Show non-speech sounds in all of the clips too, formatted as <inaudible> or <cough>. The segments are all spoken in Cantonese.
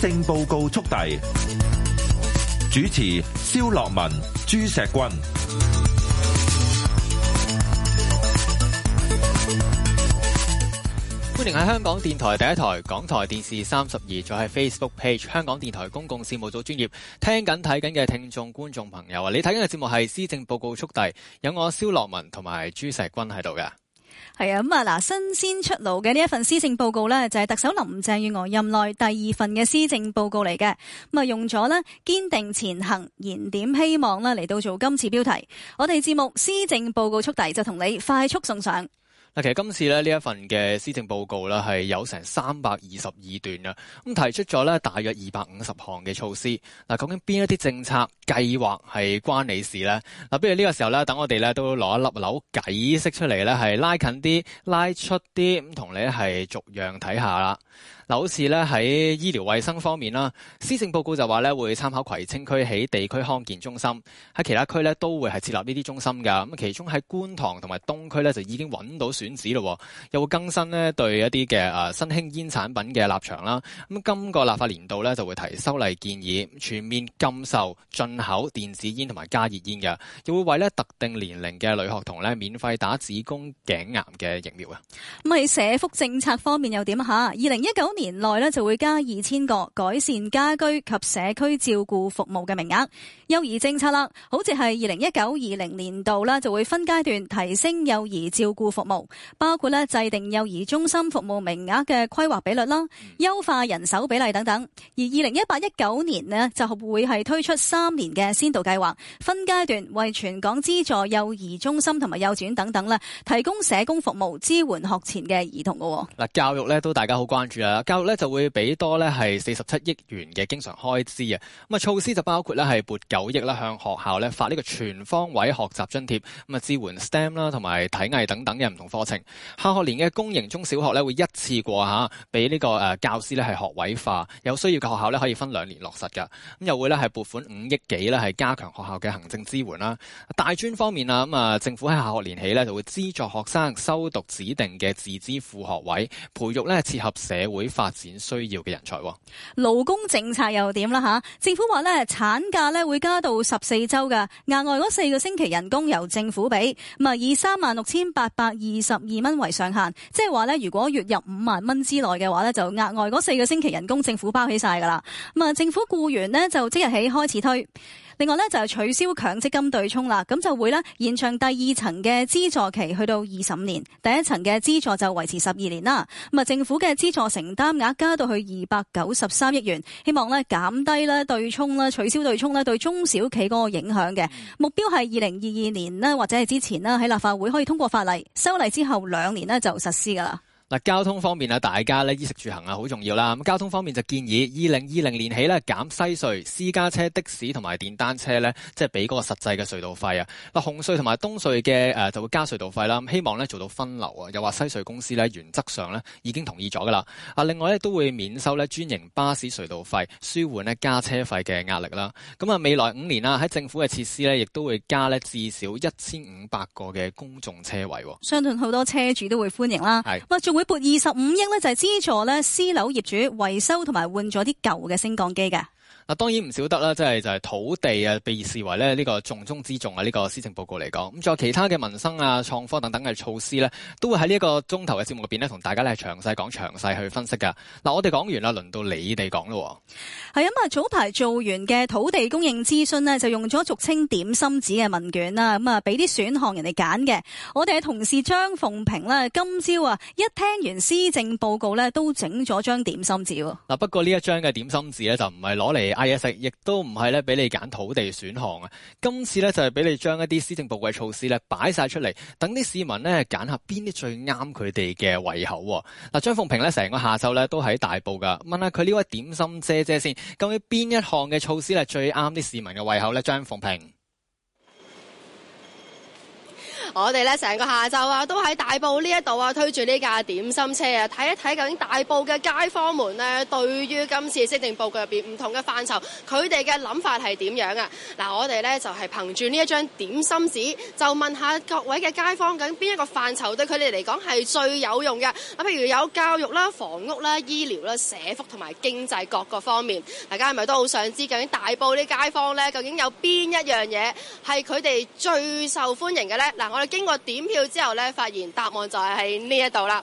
施政報告速遞，主持蕭洛汶、朱錫君，歡迎喺香港電台第一台、港台電視三十二，再喺 Facebook Page 香港電台公共事務組專業聽緊睇緊嘅聽眾觀眾朋友啊！你睇緊嘅節目係《施政報告速遞》，有我蕭洛汶同埋朱錫君喺度嘅。係啊，咁啊嗱，新鮮出爐嘅呢一份施政報告呢，就係特首林鄭月娥任內第二份嘅施政報告嚟嘅，咁啊用咗呢堅定前行，燃點希望啦嚟到做今次標題。我哋節目施政報告速遞就同你快速送上。嗱，其實今次咧呢一份嘅施政報告咧係有成三百二十二段嘅，咁提出咗咧大約二百五十項嘅措施。嗱，究竟邊一啲政策計劃係關你事咧？嗱，不如呢個時候咧，等我哋咧都攞一粒樓解釋出嚟咧，係拉近啲、拉出啲，咁同你係逐樣睇下啦。首次呢喺醫療衛生方面啦，施政報告就話呢會參考葵青區喺地區康健中心，喺其他區呢都會係設立呢啲中心㗎。咁其中喺觀塘同埋東區呢，就已經揾到選址咯，又會更新呢對一啲嘅、啊、新興煙產品嘅立場啦。咁、啊、今個立法年度呢，就會提修例建議，全面禁售進口電子煙同埋加熱煙嘅，又會為呢特定年齡嘅女學童呢免費打子宮頸癌嘅疫苗啊。咁喺社福政策方面又點啊？嚇，二零一九年。年內咧就會加二千個改善家居及社區照顧服務嘅名額。幼兒政策啦，好似係二零一九二零年度啦，就會分階段提升幼兒照顧服務，包括咧制定幼兒中心服務名額嘅規劃比率啦，優化人手比例等等。而二零一八一九年咧就會係推出三年嘅先導計劃，分階段為全港資助幼兒中心同埋幼稚園等等咧提供社工服務，支援學前嘅兒童噶。嗱，教育咧都大家好關注啊！教育咧就會俾多咧係四十七億元嘅經常開支啊！咁啊措施就包括咧係撥九億啦，向學校咧發呢個全方位學習津貼，咁啊支援 STEM 啦同埋體藝等等嘅唔同課程。下學年嘅公營中小學咧會一次過下俾呢個誒教師咧係學位化，有需要嘅學校咧可以分兩年落實嘅。咁又會咧係撥款五億幾咧係加強學校嘅行政支援啦。大專方面啊咁啊政府喺下學年起咧就會資助學生修讀指定嘅自資副學位，培育咧切合社會發展需要嘅人才喎，勞工政策又點啦吓？政府話咧產假咧會加到十四週嘅，額外嗰四個星期人工由政府俾，咁啊以三萬六千八百二十二蚊為上限，即係話咧如果月入五萬蚊之內嘅話咧，就額外嗰四個星期人工政府包起晒㗎啦。咁啊，政府雇員咧就即日起開始推。另外咧就係取消強積金對沖啦，咁就會呢延長第二層嘅資助期去到二十五年，第一層嘅資助就維持十二年啦。咁啊，政府嘅資助承擔額加到去二百九十三億元，希望呢減低啦對沖啦，取消對沖咧對中小企嗰個影響嘅目標係二零二二年咧或者係之前啦，喺立法會可以通過法例，修例之後兩年呢就實施噶啦。嗱，交通方面啊，大家咧衣食住行啊好重要啦。咁交通方面就建議二零二零年起呢減西隧私家車的士同埋電單車呢即係俾嗰個實際嘅隧道費啊。嗱，紅隧同埋東隧嘅誒就會加隧道費啦。希望呢做到分流啊。又話西隧公司呢原則上呢已經同意咗噶啦。啊，另外呢都會免收呢專營巴士隧道費，舒緩呢加車費嘅壓力啦。咁、嗯、啊，未來五年啦喺政府嘅設施呢亦都會加呢至少一千五百個嘅公眾車位。相信好多車主都會歡迎啦。係。佢撥二十五億咧，就係資助咧私樓業主維修同埋換咗啲舊嘅升降機嘅。嗱當然唔少得啦，即係就係、是、土地啊，被視為咧呢個重中之重啊。呢個施政報告嚟講，咁再其他嘅民生啊、創科等等嘅措施呢，都會喺呢一個鐘頭嘅節目入邊呢，同大家咧詳細講、詳細去分析㗎。嗱，我哋講完啦，輪到你哋講咯。係因為早排做完嘅土地供應諮詢呢，就用咗俗稱點心紙嘅問卷啦。咁啊，俾啲選項人哋揀嘅。我哋嘅同事張鳳萍呢，今朝啊一聽完施政報告呢，都整咗張點心紙。嗱，不過呢一張嘅點心紙呢，就唔係攞嚟。買嘢食，亦都唔係咧俾你揀土地選項啊！今次咧就係俾你將一啲施政報告嘅措施咧擺晒出嚟，等啲市民咧揀下邊啲最啱佢哋嘅胃口。嗱，張鳳萍咧成個下晝咧都喺大埔噶，問下佢呢位點心姐姐先，究竟邊一項嘅措施咧最啱啲市民嘅胃口咧？張鳳萍。我哋咧成個下晝啊，都喺大埔呢一度啊，推住呢架點心車啊，睇一睇究竟大埔嘅街坊們咧，對於今次施政報告入邊唔同嘅範疇，佢哋嘅諗法係點樣啊？嗱，我哋咧就係憑住呢一張點心紙，就問下各位嘅街坊，究竟邊一個範疇對佢哋嚟講係最有用嘅？啊，譬如有教育啦、房屋啦、醫療啦、社福同埋經濟各個方面，大家係咪都好想知究竟大埔啲街坊咧，究竟有邊一樣嘢係佢哋最受歡迎嘅咧？嗱、啊，我。經過點票之後咧，發現答案就係喺呢一度啦。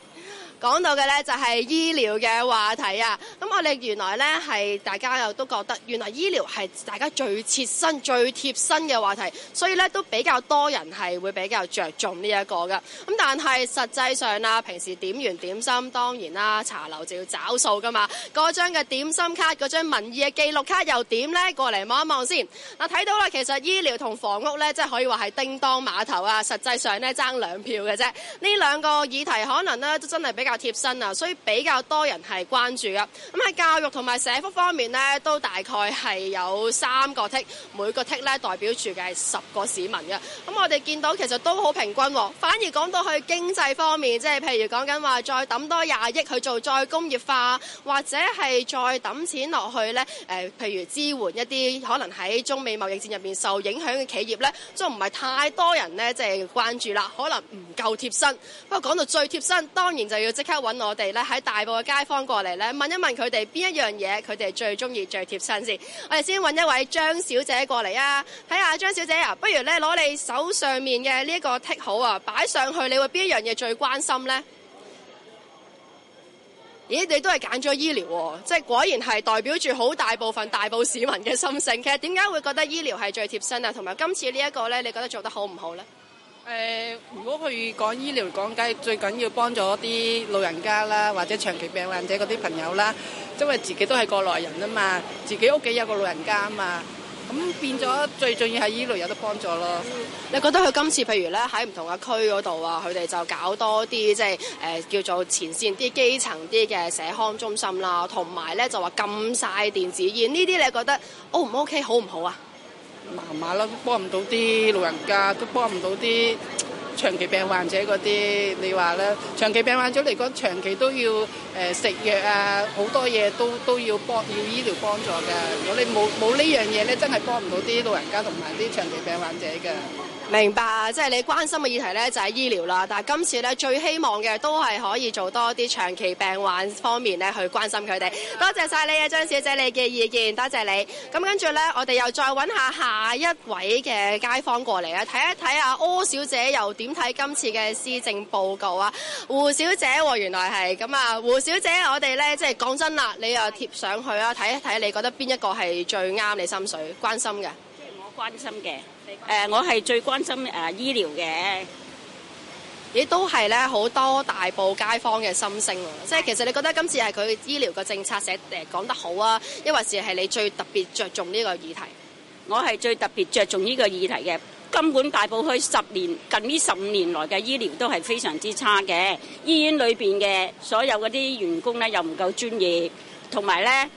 講到嘅呢就係醫療嘅話題啊！咁我哋原來呢，係大家又都覺得，原來醫療係大家最切身、最貼身嘅話題，所以呢都比較多人係會比較着重呢一個㗎。咁但係實際上啦，平時點完點心，當然啦，茶樓就要找數㗎嘛。嗰張嘅點心卡、嗰張民意嘅記錄卡又點呢？過嚟望一望先。嗱，睇到啦，其實醫療同房屋呢，即係可以話係叮噹馬頭啊！實際上呢，爭兩票嘅啫。呢兩個議題可能呢，都真係比較比較貼身啊，所以比較多人係關注嘅。咁喺教育同埋社福方面呢，都大概係有三個 tick，每個 tick 呢代表住嘅係十個市民嘅。咁我哋見到其實都好平均喎，反而講到去經濟方面，即係譬如講緊話再抌多廿億去做再工業化，或者係再抌錢落去呢。誒，譬如支援一啲可能喺中美貿易戰入面受影響嘅企業呢，都唔係太多人呢。即係關注啦，可能唔夠貼身。不過講到最貼身，當然就要。即刻揾我哋咧，喺大埔嘅街坊過嚟咧，問一問佢哋邊一樣嘢佢哋最中意最貼身先。我哋先揾一位張小姐過嚟啊，睇下張小姐啊，不如咧攞你手上面嘅呢一個剔 i 好啊，擺上去，你會邊一樣嘢最關心呢？咦，你都係揀咗醫療喎，即係果然係代表住好大部分大埔市民嘅心聲。其實點解會覺得醫療係最貼身啊？同埋今次呢、這、一個呢，你覺得做得好唔好呢？誒、呃，如果佢講醫療講緊，最緊要幫助啲老人家啦，或者長期病患者嗰啲朋友啦，因為自己都係過來人啊嘛，自己屋企有個老人家啊嘛，咁變咗最重要喺依度有得幫助咯。你覺得佢今次譬如咧喺唔同嘅區嗰度啊，佢哋就搞多啲即係誒叫做前線啲基層啲嘅社康中心啦，同埋咧就話禁晒電子煙呢啲，你覺得 O、oh, 唔 OK 好唔好啊？麻麻啦，都幫唔到啲老人家，都幫唔到啲長期病患者嗰啲。你話咧，長期病患者嚟講，長期都要誒、呃、食藥啊，好多嘢都都要幫，要醫療幫助嘅。如果你冇冇呢樣嘢咧，真係幫唔到啲老人家同埋啲長期病患者嘅。明白，即係你關心嘅議題呢，就係醫療啦。但係今次呢，最希望嘅都係可以做多啲長期病患方面呢，去關心佢哋。多謝晒你啊，張小姐，你嘅意見，多謝你。咁跟住呢，我哋又再揾下下一位嘅街坊過嚟啊，睇一睇啊，柯小姐又點睇今次嘅施政報告啊？胡小姐、哦，原來係咁啊，胡小姐，我哋呢，即係講真啦，你又貼上去啊，睇一睇，你覺得邊一個係最啱你心水、關心嘅？即係我關心嘅。誒、呃，我係最關心誒醫療嘅，亦都係咧好多大埔街坊嘅心聲。即係其實你覺得今次係佢醫療嘅政策寫誒講得好啊，抑或是係你最特別着重呢個議題？我係最特別着重呢個議題嘅。根本大埔區十年近呢十五年來嘅醫療都係非常之差嘅，醫院裏邊嘅所有嗰啲員工咧又唔夠專業，同埋咧。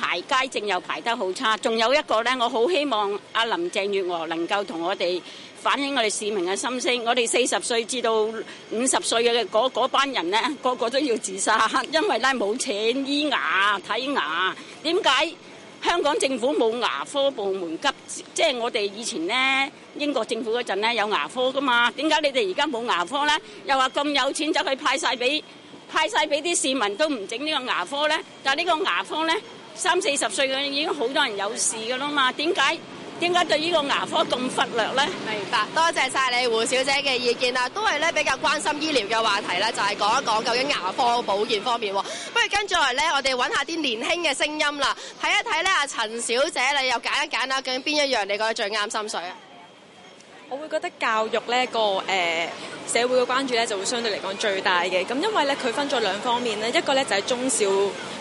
排街症又排得好差，仲有一個咧，我好希望阿林鄭月娥能夠同我哋反映我哋市民嘅心聲。我哋四十歲至到五十歲嘅嗰嗰班人咧，個個都要自殺，因為咧冇錢醫牙睇牙。點解香港政府冇牙科部門急？即係我哋以前咧英國政府嗰陣咧有牙科噶嘛？點解你哋而家冇牙科咧？又話咁有錢就去派曬俾派曬俾啲市民都唔整呢個牙科咧？但係呢個牙科咧。三四十歲嘅已經好多人有事噶啦嘛，點解點解對呢個牙科咁忽略呢？明白，多謝晒你胡小姐嘅意見啦，都係咧比較關心醫療嘅話題咧，就係講一講究竟牙科保健方面。不如跟住嚟咧，我哋揾下啲年輕嘅聲音啦，睇一睇咧，阿陳小姐你又揀一揀啦，究竟邊一樣你覺得最啱心水啊？我會覺得教育呢個誒、呃、社會嘅關注呢，就會相對嚟講最大嘅，咁因為呢，佢分咗兩方，方面呢，一個呢，就喺中小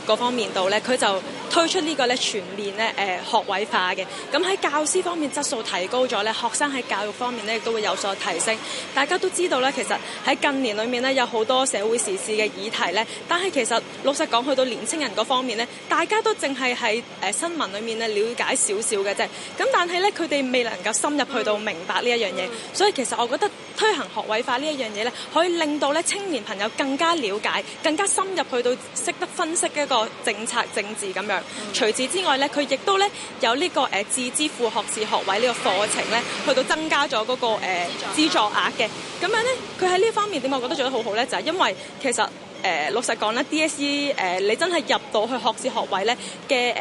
嗰方面度呢，佢就推出個呢個全面呢、呃、學位化嘅，咁喺教師方面質素提高咗呢，學生喺教育方面呢亦都會有所提升。大家都知道呢，其實喺近年裏面呢，有好多社會時事嘅議題呢。但係其實老實講，去到年青人嗰方面呢，大家都淨係喺新聞裏面呢了解少少嘅啫，咁但係呢，佢哋未能夠深入去到明白呢、嗯、一。嘢、嗯，所以其實我覺得推行學位化呢一樣嘢咧，可以令到咧青年朋友更加了解、更加深入去到識得分析一個政策政治咁樣、嗯。除此之外咧，佢亦都咧有呢、這個誒自資副學士學位呢個課程咧、嗯，去到增加咗嗰、那個誒資助額嘅。咁樣咧，佢喺呢方面點解我覺得做得好好咧？就係、是、因為其實。誒、呃，老實講啦 DSE 誒、呃，你真係入到去學士學位咧嘅誒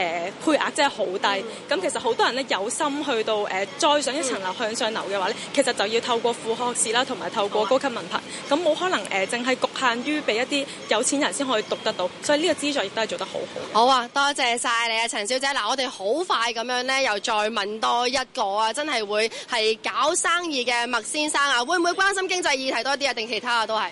配額真係好低。咁、嗯、其實好多人呢，有心去到誒、呃、再上一層樓、嗯、向上流嘅話咧，其實就要透過副學士啦，同埋透過高級文憑。咁、嗯、冇可能誒，淨、呃、係局限於俾一啲有錢人先可以讀得到。所以呢個資助亦都係做得好好。好啊，多謝曬你啊，陳小姐。嗱，我哋好快咁樣咧，又再問多一個啊，真係會係搞生意嘅麥先生啊，會唔會關心經濟議題多啲啊，定其他啊都係？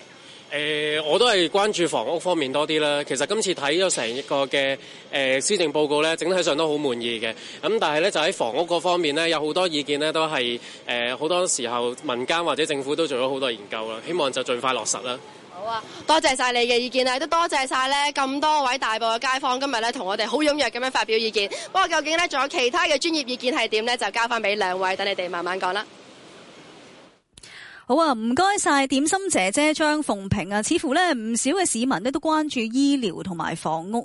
誒、呃，我都係關注房屋方面多啲啦。其實今次睇咗成一個嘅誒施政報告咧，整體上都好滿意嘅。咁、嗯、但係咧，就喺房屋嗰方面咧，有好多意見咧，都係誒好多時候民間或者政府都做咗好多研究啦。希望就盡快落實啦。好啊，多謝晒你嘅意見啦，都多謝晒咧咁多位大埔嘅街坊今日咧同我哋好踴躍咁樣發表意見。不過究竟咧仲有其他嘅專業意見係點咧，就交翻俾兩位，等你哋慢慢講啦。好啊，唔該晒點心姐姐張鳳萍啊，似乎咧唔少嘅市民都關注醫療同埋房屋。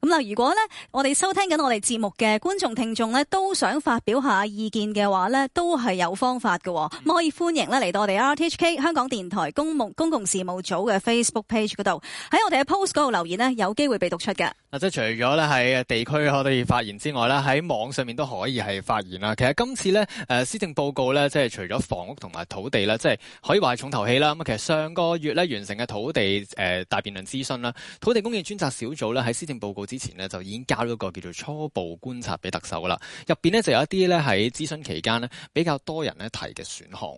咁嗱，如果呢，我哋收聽緊我哋節目嘅觀眾聽眾呢，都想發表下意見嘅話呢，都係有方法嘅。咁、嗯、可以歡迎呢嚟到我哋 RTHK 香港電台公務公共事務組嘅 Facebook page 嗰度，喺我哋嘅 post 嗰度留言呢，有機會被讀出嘅。即除咗咧喺地區可以發言之外咧，喺網上面都可以係發言啦。其實今次咧，誒，施政報告咧，即係除咗房屋同埋土地即係可以話係重頭戲啦。咁其實上個月咧完成嘅土地誒、呃、大辯論諮詢啦，土地供應專責小組咧喺施政報告之前咧就已經交咗個叫做初步觀察俾特首啦。入邊就有一啲咧喺諮詢期間呢比較多人咧提嘅選項。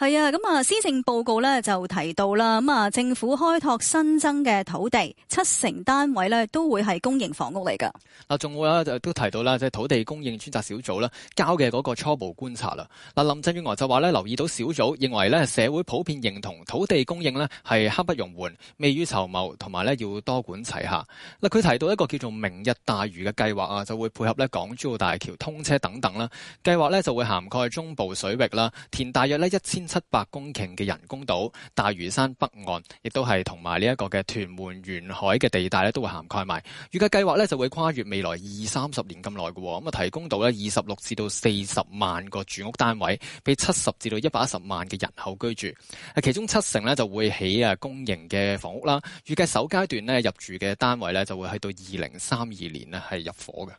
係啊，咁啊，施政報告咧就提到啦，咁啊，政府開拓新增嘅土地，七成單位咧都會係公營房屋嚟噶。嗱，仲會啊，都提到啦，即係土地供應專責小組啦，交嘅嗰個初步觀察啦。嗱，林鄭月娥就話咧，留意到小組認為咧，社會普遍認同土地供應呢係刻不容緩、未雨綢繆，同埋咧要多管齊下。嗱，佢提到一個叫做明日大嶼嘅計劃啊，就會配合咧港珠澳大橋通車等等啦。計劃咧就會涵蓋中部水域啦，填大約呢一千七百公頃嘅人工島，大嶼山北岸，亦都係同埋呢一個嘅屯門沿海嘅地帶咧，都會涵蓋埋。預計計劃咧就會跨越未來二三十年咁耐嘅，咁啊提供到咧二十六至到四十萬個住屋單位，俾七十至到一百一十萬嘅人口居住。啊，其中七成呢，就會起啊公營嘅房屋啦。預計首階段呢入住嘅單位呢，就會喺到二零三二年呢係入伙嘅。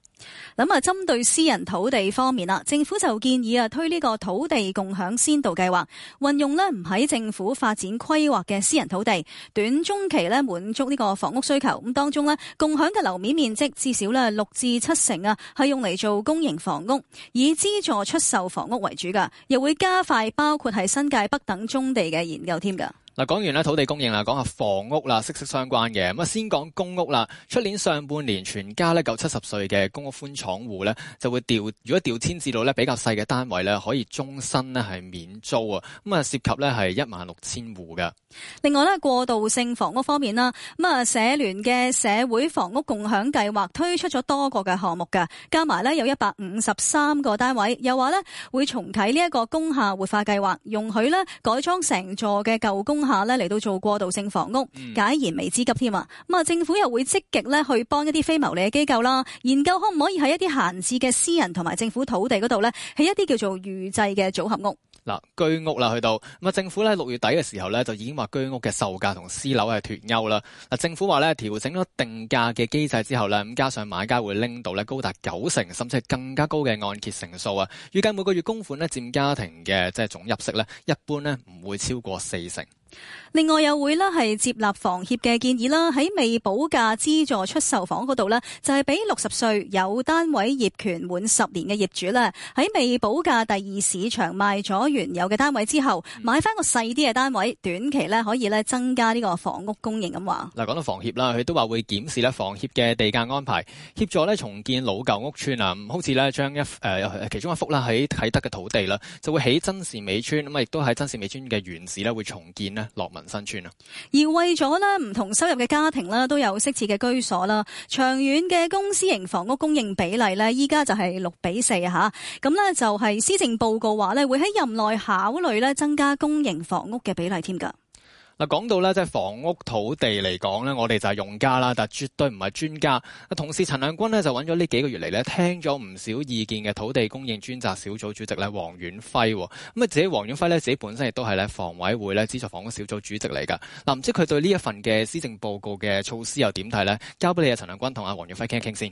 咁啊，針對私人土地方面啦，政府就建議啊推呢個土地共享先導計劃。運用咧唔喺政府發展規劃嘅私人土地，短中期咧滿足呢個房屋需求。咁當中咧，共享嘅樓面面積至少咧六至七成啊，係用嚟做公營房屋，以資助出售房屋為主噶，又會加快包括係新界北等棕地嘅研究添噶。嗱，講完咧土地供應啦，講下房屋啦，息息相關嘅。咁啊，先講公屋啦。出年上半年，全家咧夠七十歲嘅公屋寬敞戶咧，就會調，如果調遷至到咧比較細嘅單位咧，可以終身呢係免租啊。咁啊，涉及咧係一萬六千戶嘅，另外呢過渡性房屋方面啦，咁啊，社聯嘅社會房屋共享計劃推出咗多個嘅項目噶，加埋呢有一百五十三個單位，又話呢會重啟呢一個工廈活化計劃，容許呢改裝成座嘅舊公。下咧嚟到做過渡性房屋，解燃眉之急添啊！咁啊，政府又會積極咧去幫一啲非牟利嘅機構啦，研究可唔可以喺一啲閒置嘅私人同埋政府土地嗰度咧，起一啲叫做預製嘅組合屋嗱，居屋啦，去到咁啊，政府咧六月底嘅時候咧就已經話居屋嘅售價同私樓係脫鈎啦。嗱，政府話咧調整咗定價嘅機制之後咧，咁加上買家會拎到咧高達九成甚至係更加高嘅按揭成數啊，預計每個月供款咧佔家庭嘅即係總入息咧一般咧唔會超過四成。另外又會咧係接納房協嘅建議啦，喺未保價資助出售房嗰度呢，就係俾六十歲有單位業權滿十年嘅業主啦，喺未保價第二市場賣咗原有嘅單位之後，買翻個細啲嘅單位，短期呢可以呢增加呢個房屋供應咁話。嗱、嗯，講到房協啦，佢都話會檢視咧房協嘅地價安排，協助咧重建老舊屋邨啊，好似呢，將一誒、呃、其中一幅啦喺啟德嘅土地啦，就會起真善美邨。咁啊亦都喺真善美邨嘅原址呢，會重建落民生村啊，而為咗咧唔同收入嘅家庭咧都有適切嘅居所啦。長遠嘅公私型房屋供應比例呢，依家就係六比四啊，吓咁咧就係施政報告話咧會喺任內考慮咧增加公營房屋嘅比例添㗎。嗱，講到咧，即係房屋土地嚟講咧，我哋就係用家啦，但係絕對唔係專家。啊，同事陳亮均咧，就揾咗呢幾個月嚟咧，聽咗唔少意見嘅土地供應專責小組主席咧，黃遠輝。咁啊，自己黃遠輝咧，自己本身亦都係咧，房委會咧，資助房屋小組主席嚟㗎。嗱，唔知佢對呢一份嘅施政報告嘅措施又點睇咧？交俾你啊，陳亮均同阿黃遠輝傾一傾先。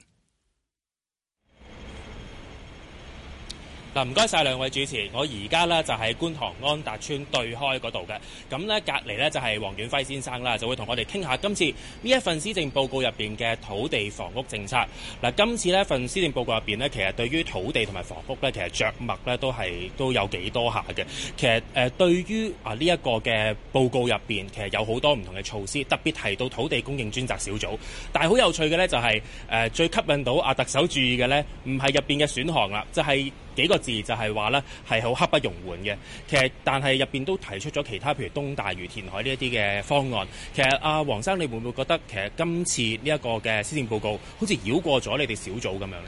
嗱，唔該曬兩位主持，我而家咧就係觀塘安達邨對開嗰度嘅，咁咧隔離咧就係黃遠輝先生啦，就會同我哋傾下今次呢一份施政報告入邊嘅土地房屋政策。嗱，今次呢份施政報告入邊咧，其實對於土地同埋房屋咧，其實著墨咧都係都有幾多下嘅。其實誒對於啊呢一個嘅報告入邊，其實有好多唔同嘅措施，特別提到土地供應專責小組。但係好有趣嘅咧、就係，就係誒最吸引到阿特首注意嘅咧，唔係入邊嘅選項啦，就係、是、幾個。字就係話咧，係好刻不容緩嘅。其實，但係入邊都提出咗其他，譬如東大嶼填海呢一啲嘅方案。其實，阿、啊、黃生，你會唔會覺得其實今次呢一個嘅施政報告，好似繞過咗你哋小組咁樣咧？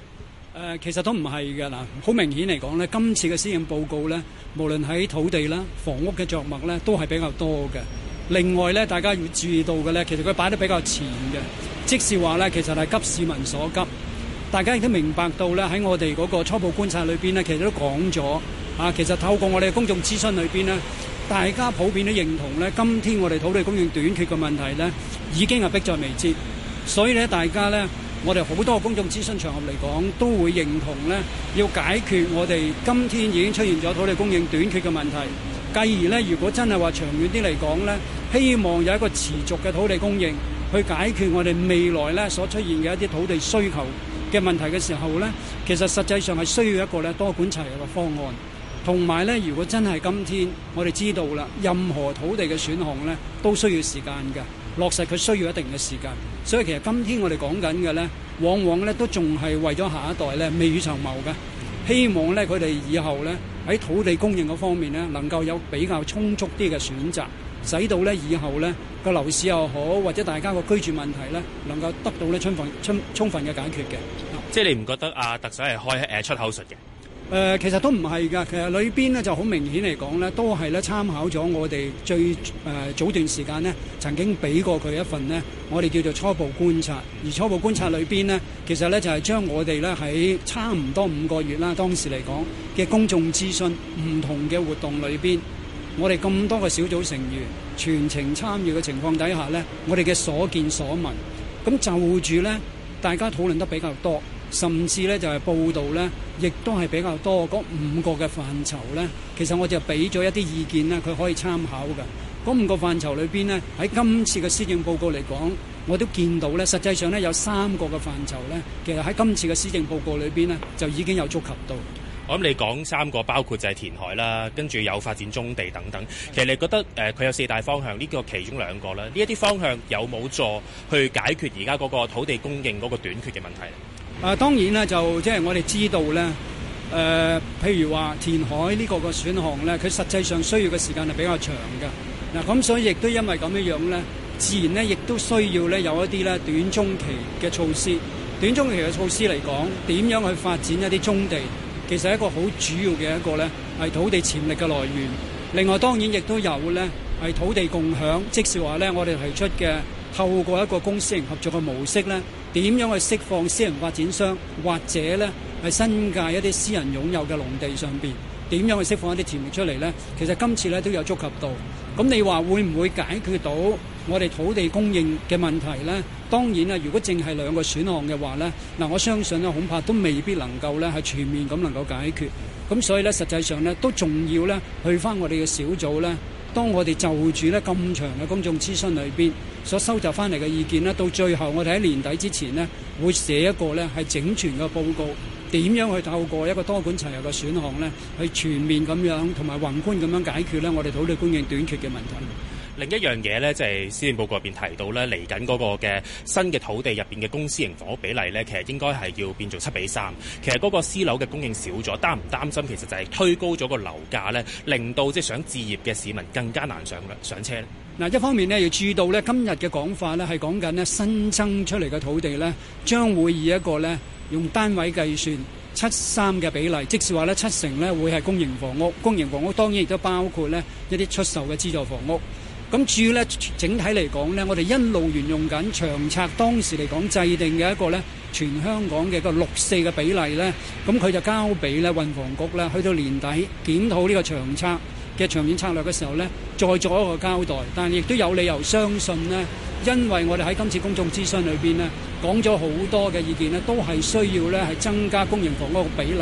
誒、呃，其實都唔係嘅。嗱，好明顯嚟講咧，今次嘅施政報告咧，無論喺土地啦、房屋嘅著墨咧，都係比較多嘅。另外咧，大家要注意到嘅咧，其實佢擺得比較前嘅，即是話咧，其實係急市民所急。大家亦都明白到咧，喺我哋嗰個初步觀察裏邊咧，其實都講咗啊。其實透過我哋嘅公眾諮詢裏邊咧，大家普遍都認同咧，今天我哋土地供應短缺嘅問題咧，已經係迫在眉睫。所以咧，大家咧，我哋好多公眾諮詢場合嚟講，都會認同咧要解決我哋今天已經出現咗土地供應短缺嘅問題。繼而咧，如果真係話長遠啲嚟講咧，希望有一個持續嘅土地供應去解決我哋未來咧所出現嘅一啲土地需求。嘅問題嘅時候呢，其實實際上係需要一個咧多管齊嘅方案，同埋呢，如果真係今天我哋知道啦，任何土地嘅選項呢都需要時間嘅落實，佢需要一定嘅時間。所以其實今天我哋講緊嘅呢，往往呢都仲係為咗下一代呢未雨綢繆嘅，希望呢，佢哋以後呢喺土地供應嗰方面呢，能夠有比較充足啲嘅選擇。使到咧以後咧個樓市又好，或者大家個居住問題咧能夠得到咧充分充充分嘅解決嘅。即係你唔覺得啊，特首係開誒出口術嘅？誒、呃，其實都唔係㗎。其實裏邊咧就好明顯嚟講咧，都係咧參考咗我哋最誒、呃、早段時間呢曾經俾過佢一份呢，我哋叫做初步觀察。而初步觀察裏邊呢，其實咧就係將我哋咧喺差唔多五個月啦，當時嚟講嘅公眾諮詢唔同嘅活動裏邊。我哋咁多個小組成員全程參與嘅情況底下咧，我哋嘅所見所聞，咁就住咧大家討論得比較多，甚至咧就係報道咧，亦都係比較多。嗰五個嘅範疇咧，其實我就俾咗一啲意見咧，佢可以參考嘅。嗰五個範疇裏邊咧，喺今次嘅施政報告嚟講，我都見到咧，實際上咧有三個嘅範疇咧，其實喺今次嘅施政報告裏邊咧，就已經有觸及到。咁你講三個，包括就係填海啦，跟住有發展棕地等等。其實你覺得佢、呃、有四大方向，呢、這個其中兩個啦。呢一啲方向有冇助去解決而家嗰個土地供應嗰個短缺嘅問題啊？當然啦，就即係、就是、我哋知道咧。誒、呃，譬如話填海呢個個選項咧，佢實際上需要嘅時間係比較長嘅嗱。咁所以亦都因為咁樣樣咧，自然咧亦都需要咧有一啲咧短中期嘅措施。短中期嘅措施嚟講，點樣去發展一啲棕地？其實一個好主要嘅一個咧，係土地潛力嘅來源。另外當然亦都有咧，係土地共享，即是話咧，我哋提出嘅透過一個公私營合作嘅模式咧，點樣去釋放私人發展商或者咧喺新界一啲私人擁有嘅農地上面，點樣去釋放一啲潛力出嚟咧？其實今次咧都有觸及到。咁你話會唔會解決到？我哋土地供應嘅問題呢，當然啦，如果淨係兩個選項嘅話呢，嗱，我相信恐怕都未必能夠係全面咁能夠解決。咁所以呢，實際上呢，都仲要呢去翻我哋嘅小組呢，當我哋就住呢咁長嘅公眾諮詢裏邊所收集翻嚟嘅意見呢，到最後我哋喺年底之前呢，會寫一個呢係整全嘅報告，點樣去透過一個多管齊下嘅選項呢，去全面咁樣同埋宏觀咁樣解決呢我哋土地供應短缺嘅問題。另一樣嘢呢，就係施政報告入邊提到呢嚟緊嗰個嘅新嘅土地入面嘅公私營房屋比例呢其實應該係要變做七比三。其實嗰個私樓嘅供應少咗，擔唔擔心其實就係推高咗個樓價呢令到即係想置業嘅市民更加難上上車呢嗱，一方面呢，要注意到呢今日嘅講法呢係講緊呢新增出嚟嘅土地呢將會以一個呢用單位計算七三嘅比例，即是話呢七成呢會係公營房屋，公營房屋當然亦都包括呢一啲出售嘅資助房屋。咁至於咧，整體嚟講咧，我哋一路沿用緊長策當時嚟講制定嘅一個咧，全香港嘅個六四嘅比例咧，咁佢就交俾咧運房局咧，去到年底檢討呢個長策嘅長遠策略嘅時候咧，再做一個交代。但係亦都有理由相信咧，因為我哋喺今次公眾諮詢裏邊咧，講咗好多嘅意見咧，都係需要咧係增加公營房屋嘅比例。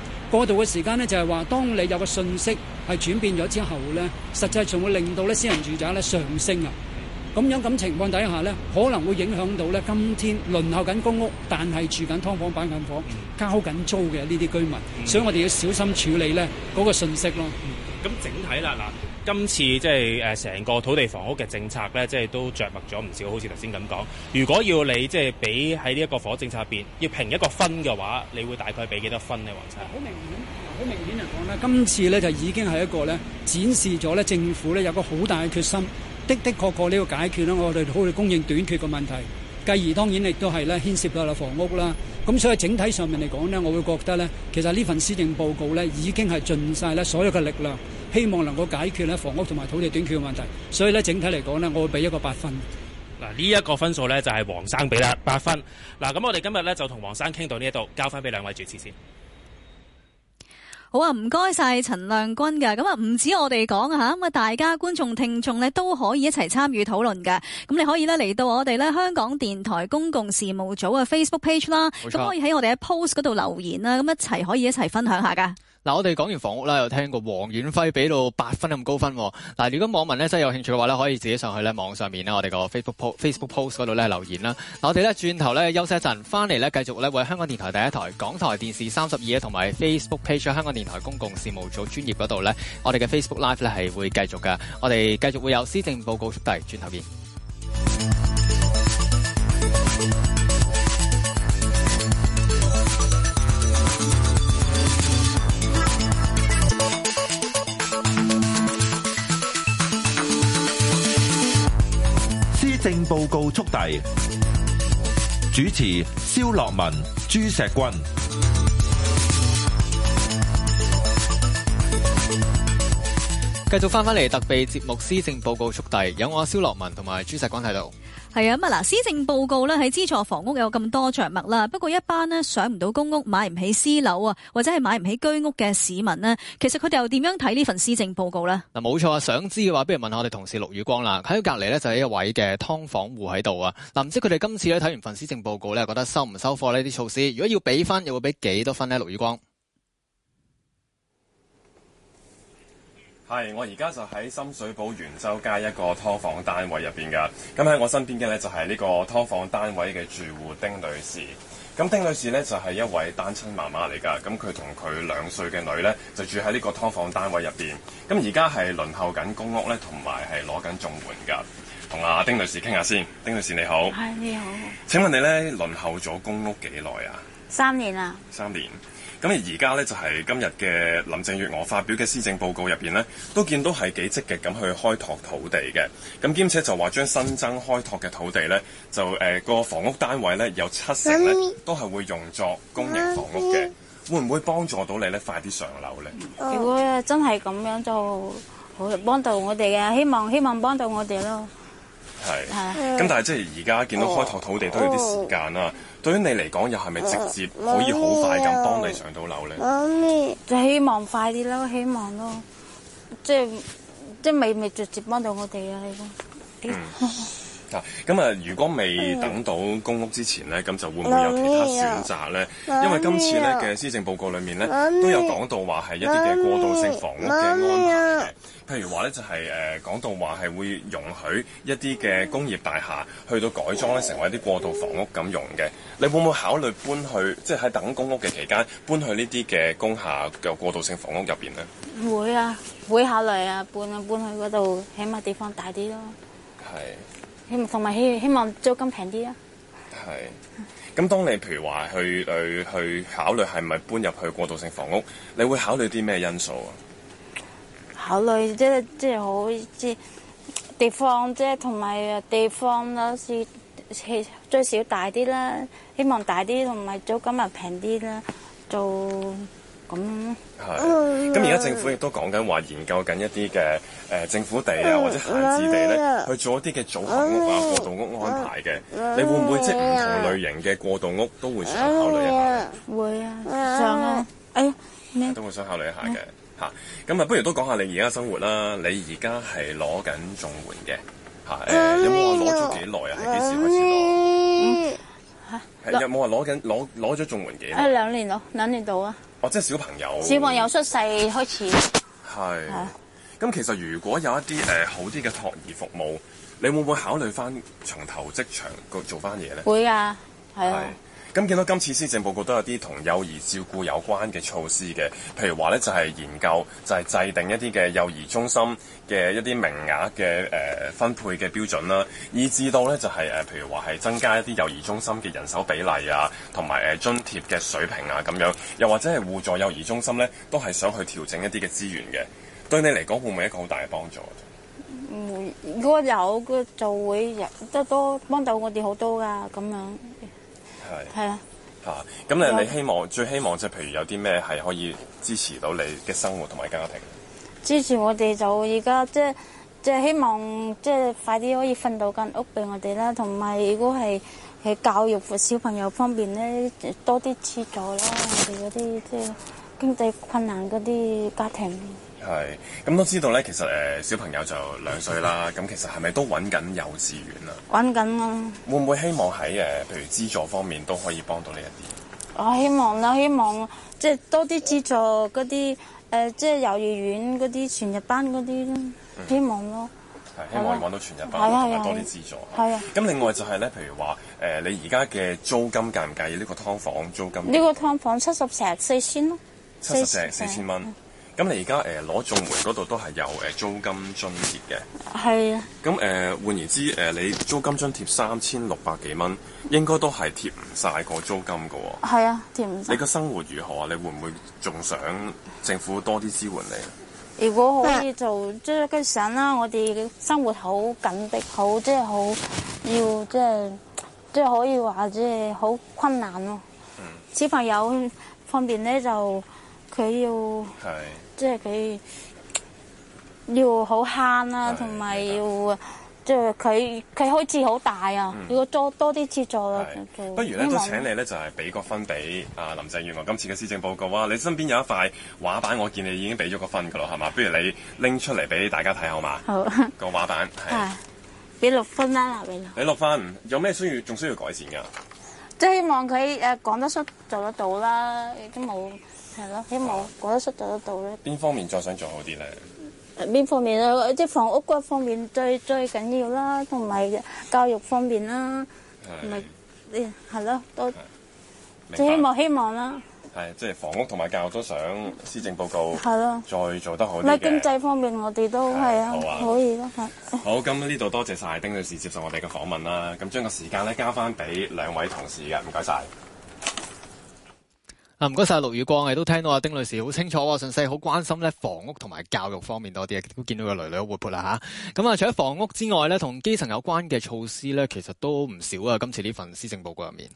過渡嘅時間咧，就係話，當你有個信息係轉變咗之後咧，實際上會令到咧私人住宅咧上升啊。咁樣咁情況底下咧，可能會影響到咧今天輪候緊公屋，但係住緊劏房板間房，交緊租嘅呢啲居民，嗯，所以我哋要小心處理咧嗰個信息咯。咁、嗯、整體啦嗱。今次即係誒成個土地房屋嘅政策咧，即係都着墨咗唔少，好似頭先咁講。如果要你即係俾喺呢一個房屋政策入邊，要評一個分嘅話，你會大概俾幾多分呢？黃生。好明顯，好明顯嚟講咧，今次咧就已經係一個咧展示咗咧政府咧有個好大嘅決心，的的確確呢個解決咧我哋土地供應短缺嘅問題，繼而當然亦都係咧牽涉到啦房屋啦。咁所以整體上面嚟講咧，我會覺得咧，其實呢份施政報告咧已經係盡晒咧所有嘅力量。希望能夠解決咧房屋同埋土地短缺嘅問題，所以咧整體嚟講呢我會俾一個八分。嗱呢一個分數呢，就係黃生俾啦八分。嗱咁我哋今日呢，就同黃生傾到呢一度，交翻俾兩位主持先。好啊，唔該晒，陳亮均嘅。咁啊，唔止我哋講啊嚇，咁啊大家觀眾聽眾呢，都可以一齊參與討論嘅。咁你可以呢，嚟到我哋呢香港電台公共事務組嘅 Facebook page 啦，咁可以喺我哋嘅 post 嗰度留言啦，咁一齊可以一齊分享下噶。嗱、啊，我哋講完房屋啦，又聽過黃遠輝俾到八分咁高分、啊。嗱、啊，如果網民咧真係有興趣嘅話咧，可以自己上去咧網上面咧，我哋個 Facebook post Facebook post 嗰度咧留言啦。嗱、啊，我哋咧轉頭咧休息一陣，翻嚟咧繼續咧會香港電台第一台、港台電視三十二，同埋 Facebook page 香港電台公共事務組專業嗰度咧，我哋嘅 Facebook live 咧係會繼續㗎。我哋繼續會有施政報告出嚟，轉頭見。政報告速遞，主持蕭洛汶、朱錫君，繼續翻翻嚟特備節目《施政報告速遞》，有我蕭洛汶同埋朱錫君喺度。係啊，咁啊嗱，施政報告咧喺資助房屋有咁多著墨啦。不過一班咧上唔到公屋、買唔起私樓啊，或者係買唔起居屋嘅市民呢，其實佢哋又點樣睇呢份施政報告呢？嗱，冇錯啊，想知嘅話，不如問下我哋同事陸宇光啦。喺隔離呢，就有一位嘅劏房戶喺度啊。嗱，唔知佢哋今次咧睇完份施政報告呢，覺得收唔收貨呢啲措施？如果要俾翻，又會俾幾多分呢？陸宇光。係，我而家就喺深水埗元州街一個劏房單位入邊噶。咁喺我身邊嘅呢，就係呢個劏房單位嘅住戶丁女士。咁丁女士呢，就係一位單親媽媽嚟噶。咁佢同佢兩歲嘅女呢，就住喺呢個劏房單位入邊。咁而家係輪候緊公屋呢，同埋係攞緊綜援噶。同阿丁女士傾下先。丁女士你好。係、哎、你好。請問你呢，輪候咗公屋幾耐啊？三年啊？三年。咁而家咧就係今日嘅林鄭月娥發表嘅施政報告入面咧，都見到係幾積極咁去開拓土地嘅。咁兼且就話將新增開拓嘅土地咧，就誒，呃，嗰個房屋單位咧有七成咧都係會用作公營房屋嘅。會唔會幫助到你咧？快啲上樓咧？如果真係咁樣就好，幫到我哋嘅，希望希望幫到我哋咯。係、啊，咁、嗯、但係即係而家見到開拓土地都要啲時間啦、嗯。對於你嚟講，又係咪直接可以好快咁幫你上到樓咧？就希望快啲咯，希望咯，即係即係未未直接幫到我哋啊，係咪？嗯 <laughs> 咁啊，如果未等到公屋之前咧，咁就會唔會有其他選擇咧？因為今次咧嘅施政報告裏面咧都有講到話係一啲嘅過渡性房屋嘅安排，譬如話咧就係誒講到話係會容許一啲嘅工業大廈去到改裝咧，成為一啲過渡房屋咁用嘅。你會唔會考慮搬去即係喺等公屋嘅期間搬去呢啲嘅工廈嘅過渡性房屋入邊咧？會啊，會考慮啊，搬啊搬去嗰度，起碼地方大啲咯。係。希望同埋希希望租金平啲啊。係，咁當你譬如話去去去考慮係咪搬入去過渡性房屋，你會考慮啲咩因素啊？考慮即即係好即係地方即同埋地方啦，先最少大啲啦，希望大啲同埋租金又平啲啦，做。咁、係，咁而家政府亦都講緊話研究緊一啲嘅、呃、政府地啊，或者閒置地咧，去做一啲嘅組合屋啊、過渡屋安排嘅。你會唔會即唔同類型嘅過渡屋都會想考慮一下？會啊，想啊，誒，都會想考慮一下嘅嚇。咁啊，嗯、不如都講下你而家生活啦。你而家係攞緊綜援嘅嚇，有冇話攞咗幾耐啊？係幾時開始攞、嗯、有冇話攞緊攞攞咗綜援幾耐？誒兩年到，兩年到啊！哦，即係小朋友，小朋友出世開始，係，咁其實如果有一啲誒、呃、好啲嘅托兒服務，你會唔會考慮返從頭職場個做返嘢咧？會㗎，係啊。係咁見到今次施政報告都有啲同幼兒照顧有關嘅措施嘅，譬如話咧就係研究，就係、是、制定一啲嘅幼兒中心嘅一啲名額嘅、呃、分配嘅標準啦，以至到咧就係、誒、譬如話係增加一啲幼兒中心嘅人手比例啊，同埋誒津貼嘅水平啊咁樣，又或者係互助幼兒中心咧，都係想去調整一啲嘅資源嘅。對你嚟講，會唔會一個好大嘅幫助？如果有，佢就會有得多幫到我哋好多噶咁樣。係、啊啊，啊，嚇！咁咧，你希望最希望即係，譬如有啲咩係可以支持到你嘅生活同埋家庭？支持我哋就而家即即希望即快啲可以瞓到間屋俾我哋啦，同埋如果係喺教育小朋友方面咧，多啲資助啦，我哋嗰啲即經濟困難嗰啲家庭。係咁都知道咧，其實誒、呃、小朋友就兩歲啦，咁、嗯、其實係咪都揾緊幼稚園啊？揾緊啊？會唔會希望喺誒、呃、譬如資助方面都可以幫到你一啲？我、哦、希望啦，希望即係、就是、多啲資助嗰啲誒，即係幼兒園嗰啲全日班嗰啲咯，希望咯。係、啊、希望揾到全日班，啊、多啲資助。係啊。咁、啊啊、另外就係咧，譬如話誒、呃、你而家嘅租金介唔介意呢個劏房租金？呢、這個劏房七十成四千咯，七十成四千蚊。咁你而家誒攞綜援嗰度都係有租金津貼嘅，係啊。咁誒、呃、換言之誒、呃，你租金津貼三千六百幾蚊，應該都係貼唔晒個租金噶喎、哦。係啊，貼唔晒。你個生活如何啊？你會唔會仲想政府多啲支援你？如果可以做，即、嗯、跟想啦！我哋嘅生活好緊迫，好即係好要即係即係可以話即係好困難咯。嗯，小朋友方面咧就。佢要，即係佢要好慳啦、啊，同埋要即係佢佢開支好大啊！如、嗯、果多多啲資助咯，不如咧就請你咧就係、是、俾個分俾、啊、林鄭月娥今次嘅施政報告啊！你身邊有一塊畫板，我見你已經俾咗個分噶啦，係嘛？不如你拎出嚟俾大家睇好嘛？好，好個畫板係，俾六分啦，你六分有咩需要？仲需要改善噶？即係希望佢誒講得出做得到啦，亦都冇係咯，希望講得出做得到咧。邊方面再想做好啲咧？邊方面啊？即房屋骨方面最最緊要啦，同埋教育方面啦，同埋啲係咯，都即希望希望啦。係，即係房屋同埋教育都想施政報告，係咯，再做得好啲。咧經濟方面，我哋都係啊，可以咯。好，咁呢度多謝晒丁女士接受我哋嘅訪問啦。咁將個時間咧交翻俾兩位同事嘅，唔該晒。啊，唔該晒，陸宇光，我都聽到啊，丁女士好清楚順勢，好關心咧房屋同埋教育方面多啲嘅，都見到個女女活潑啦吓。咁啊，除咗房屋之外咧，同基層有關嘅措施咧，其實都唔少啊。今次呢份施政報告入面。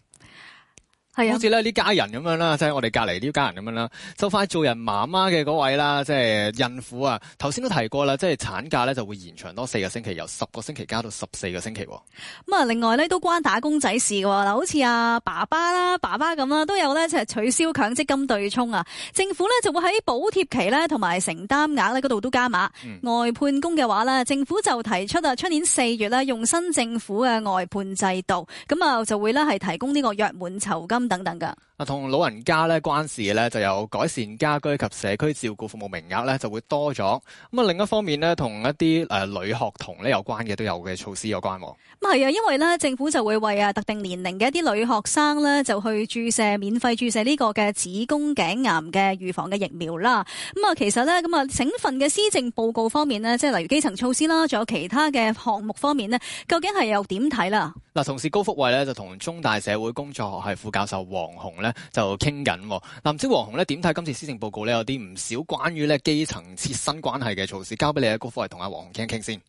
係好似呢呢家人咁樣啦，即係我哋隔離呢家人咁樣啦，就快做人媽媽嘅嗰位啦，即係孕婦啊。頭先都提過啦，即係產假咧就會延長多四個星期，由十個星期加到十四個星期。咁啊，另外咧都關打工仔事喎，嗱，好似啊爸爸啦、爸爸咁啦，都有咧，即係取消強積金對沖啊。政府咧就會喺補貼期咧同埋承擔額呢嗰度都加碼、嗯。外判工嘅話咧，政府就提出啊，出年四月啦用新政府嘅外判制度，咁啊就會咧係提供呢個約滿酬金。等等嘅。啊，同老人家咧關事咧，就有改善家居及社區照顧服務名額咧就會多咗。咁啊，另一方面呢，同一啲誒女學童咧有關嘅都有嘅措施有關係啊，因為咧政府就會為啊特定年齡嘅一啲女學生咧就去注射免費注射呢個嘅子宮頸癌嘅預防嘅疫苗啦。咁啊，其實咧咁啊整份嘅施政報告方面呢，即係例如基層措施啦，仲有其他嘅項目方面呢，究竟係又點睇啦？嗱，同時高福慧呢就同中大社會工作學系副教授黃紅就傾緊。嗱，唔知黃紅咧點睇，今次施政報告咧有啲唔少關於咧基層切身關係嘅措施，交俾你高科嚟同阿黃紅傾傾先。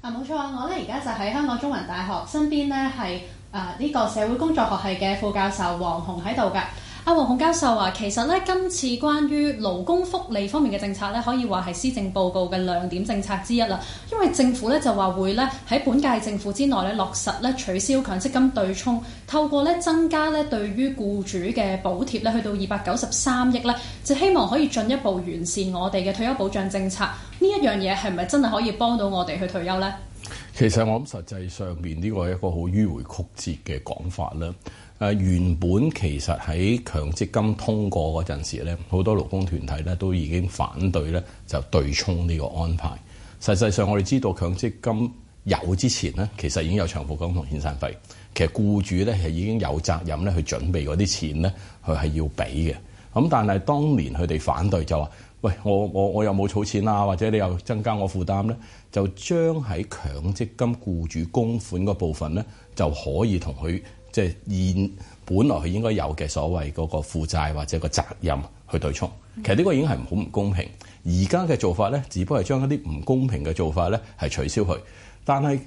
啊，冇錯啊！我咧而家就喺香港中文大學身邊呢係啊呢個社會工作學系嘅副教授黃紅喺度㗎。阿黃洪教授啊，其實咧今次關於勞工福利方面嘅政策咧，可以話係施政報告嘅亮點政策之一啦。因為政府咧就話會咧喺本屆政府之內咧落實咧取消強積金對沖，透過咧增加咧對於僱主嘅補貼咧去到二百九十三億咧，就希望可以進一步完善我哋嘅退休保障政策。呢一樣嘢係咪真係可以幫到我哋去退休呢？其實我諗實際上面呢個係一個好迂迴曲折嘅講法啦。誒、原本其實喺強積金通過嗰陣時咧，好多勞工團體咧都已經反對咧，就對沖呢個安排。實際上我哋知道強積金有之前咧，其實已經有長服金同遣散費。其實僱主咧係已經有責任咧去準備嗰啲錢咧，佢係要俾嘅。咁但係當年佢哋反對就話：「喂，我我我又冇儲錢啊，或者你又增加我負擔咧？就將喺強積金僱主供款嗰部分咧，就可以同佢。即係現本來佢應該有嘅所謂嗰個負債或者個責任去對沖，其實呢個已經係好唔公平。而家嘅做法咧，只不過係將一啲唔公平嘅做法咧係取消佢。但係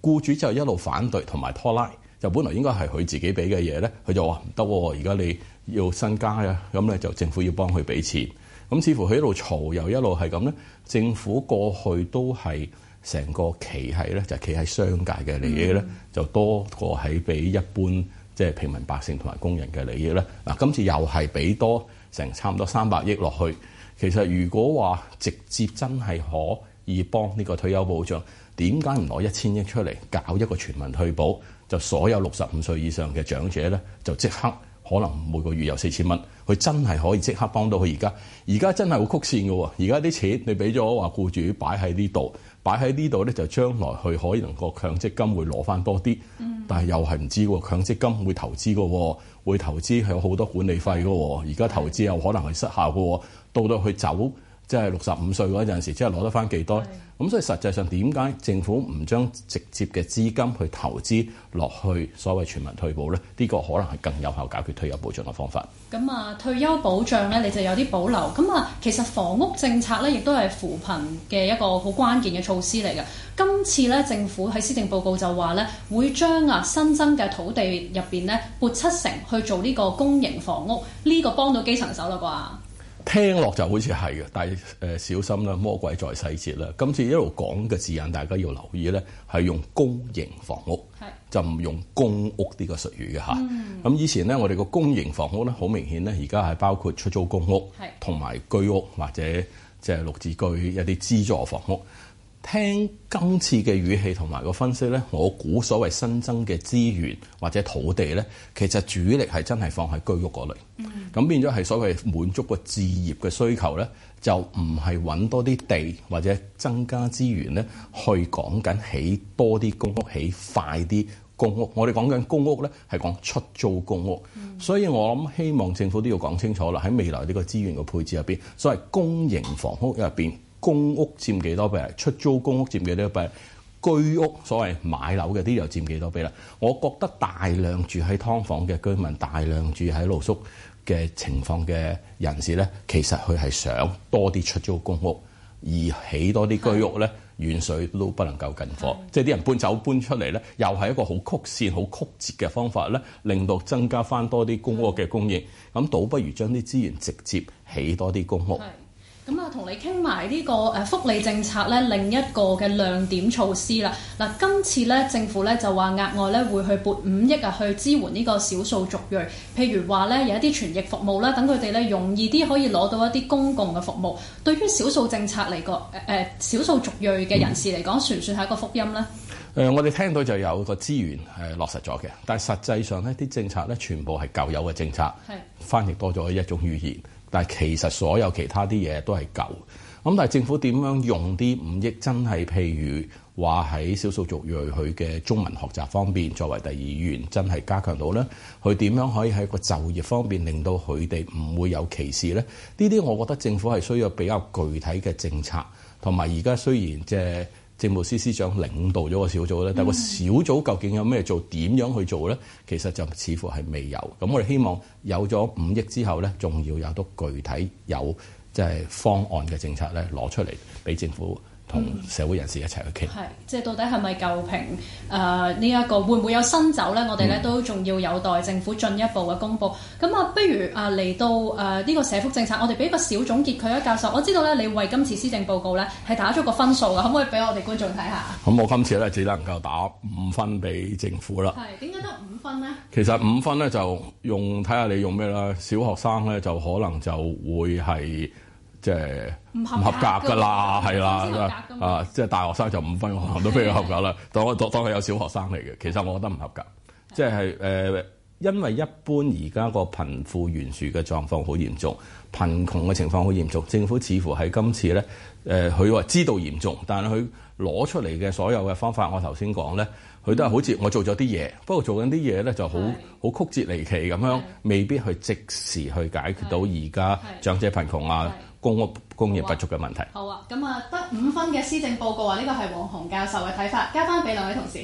僱主就一路反對同埋拖拉，就本來應該係佢自己俾嘅嘢咧，佢就話唔得喎。而家你要新加呀，咁咧就政府要幫佢俾錢。咁似乎佢一路嘈又一路係咁咧，政府過去都係。成個企喺咧，就企喺商界嘅利益咧，就多過喺俾一般即係平民百姓同埋工人嘅利益咧。嗱，今次又係俾多成差唔多三百億落去。其實如果話直接真係可以幫呢個退休保障，點解唔攞一千億出嚟搞一個全民退保？就所有六十五歲以上嘅長者咧，就即刻可能每個月有四千蚊。佢真係可以即刻幫到佢而家。而家真係會曲線㗎喎。而家啲錢你俾咗話，僱主擺喺呢度。擺喺呢度咧，就將來佢可能個強積金會攞翻多啲，但係又係唔知喎，強積金會投資嘅喎，會投資有好多管理費嘅喎，而家投資又可能係失效嘅喎，到到去走，即係六十五歲嗰陣時，即係攞得翻幾多？咁所以實際上點解政府唔將直接嘅資金去投資落去所謂全民退保呢？呢個可能係更有效解決退休保障嘅方法。咁啊，退休保障呢，你就有啲保留。咁啊，其實房屋政策呢，亦都係扶貧嘅一個好關鍵嘅措施嚟嘅。今次呢，政府喺施政報告就話呢，會將啊新增嘅土地入邊呢，撥七成去做呢個公營房屋，呢個幫到基層手啦啩。聽落就好似係嘅，但係誒、呃、小心啦，魔鬼在細節啦。今次一路講嘅字眼，大家要留意咧，係用公營房屋，就唔用公屋呢個術語嘅吓，咁、嗯、以前咧，我哋個公營房屋咧，好明顯咧，而家係包括出租公屋，同埋居屋或者即係綠置居一啲資助房屋。聽今次嘅語氣同埋個分析咧，我估所謂新增嘅資源或者土地咧，其實主力係真係放喺居屋嗰類。咁變咗係所謂滿足個置業嘅需求咧，就唔係揾多啲地或者增加資源咧去講緊起多啲公屋，起快啲公屋。我哋講緊公屋咧係講出租公屋，所以我諗希望政府都要講清楚啦。喺未來呢個資源嘅配置入邊，所謂公營房屋入邊。公屋佔幾多比例？出租公屋佔幾多比例？居屋所謂買樓嘅啲又佔幾多比例？我覺得大量住喺劏房嘅居民，大量住喺露宿嘅情況嘅人士呢，其實佢係想多啲出租公屋，而起多啲居屋呢，遠水都不能夠近火。即係啲人搬走搬出嚟呢，又係一個好曲線好曲折嘅方法呢，令到增加翻多啲公屋嘅供應。咁倒不如將啲資源直接起多啲公屋。咁啊，同你傾埋呢個誒福利政策咧，另一個嘅亮點措施啦。嗱，今次咧政府咧就話額外咧會去撥五億啊，去支援呢個少數族裔。譬如話咧有一啲傳譯服務啦，等佢哋咧容易啲可以攞到一啲公共嘅服務。對於少數政策嚟講，誒少數族裔嘅人士嚟講，嗯、算唔算係一個福音呢？呃、我哋聽到就有個資源係落實咗嘅，但係實際上呢啲政策咧全部係舊有嘅政策，係翻譯多咗一種語言。但係其實所有其他啲嘢都係舊，咁但係政府點樣用啲五億真係，譬如話喺少數族裔佢嘅中文學習方面作為第二語言，真係加強到咧？佢點樣可以喺個就業方面令到佢哋唔會有歧視咧？呢啲我覺得政府係需要比較具體嘅政策，同埋而家雖然即係。政務司司長領導咗個小組咧，但係個小組究竟有咩做，點樣去做咧？其實就似乎係未有。咁我哋希望有咗五億之後咧，仲要有到具體有即係方案嘅政策咧，攞出嚟俾政府，同社會人士一齊去傾，係即係到底係咪舊評？誒呢一個會唔會有新走咧？我哋咧都仲要有待政府進一步嘅公布。咁啊，不如啊嚟到誒呢、啊這個社福政策，我哋俾個小總結佢啊，教授。我知道咧，你為今次施政報告咧係打咗個分數嘅，可唔可以俾我哋觀眾睇下？咁我今次咧只能夠打五分俾政府啦。係點解得五分呢？其實五分咧就用睇下你用咩啦。小學生咧就可能就會係。即係唔合格㗎啦，係啦啊！即係大學生就五分，都比較合格啦。當我當當佢有小學生嚟嘅，其實我覺得唔合格。即係誒，因為一般而家個貧富懸殊嘅狀況好嚴重，貧窮嘅情況好嚴重。政府似乎喺今次咧誒，佢、呃、話知道嚴重，但係佢攞出嚟嘅所有嘅方法，我頭先講咧，佢都係好似我做咗啲嘢，不過做緊啲嘢咧就好好曲折離奇咁樣，未必去即時去解決到而家長者貧窮啊。公屋供應不足嘅問題。好啊，咁啊、嗯、得五分嘅施政報告話呢個係黃洪教授嘅睇法，交翻俾兩位同事。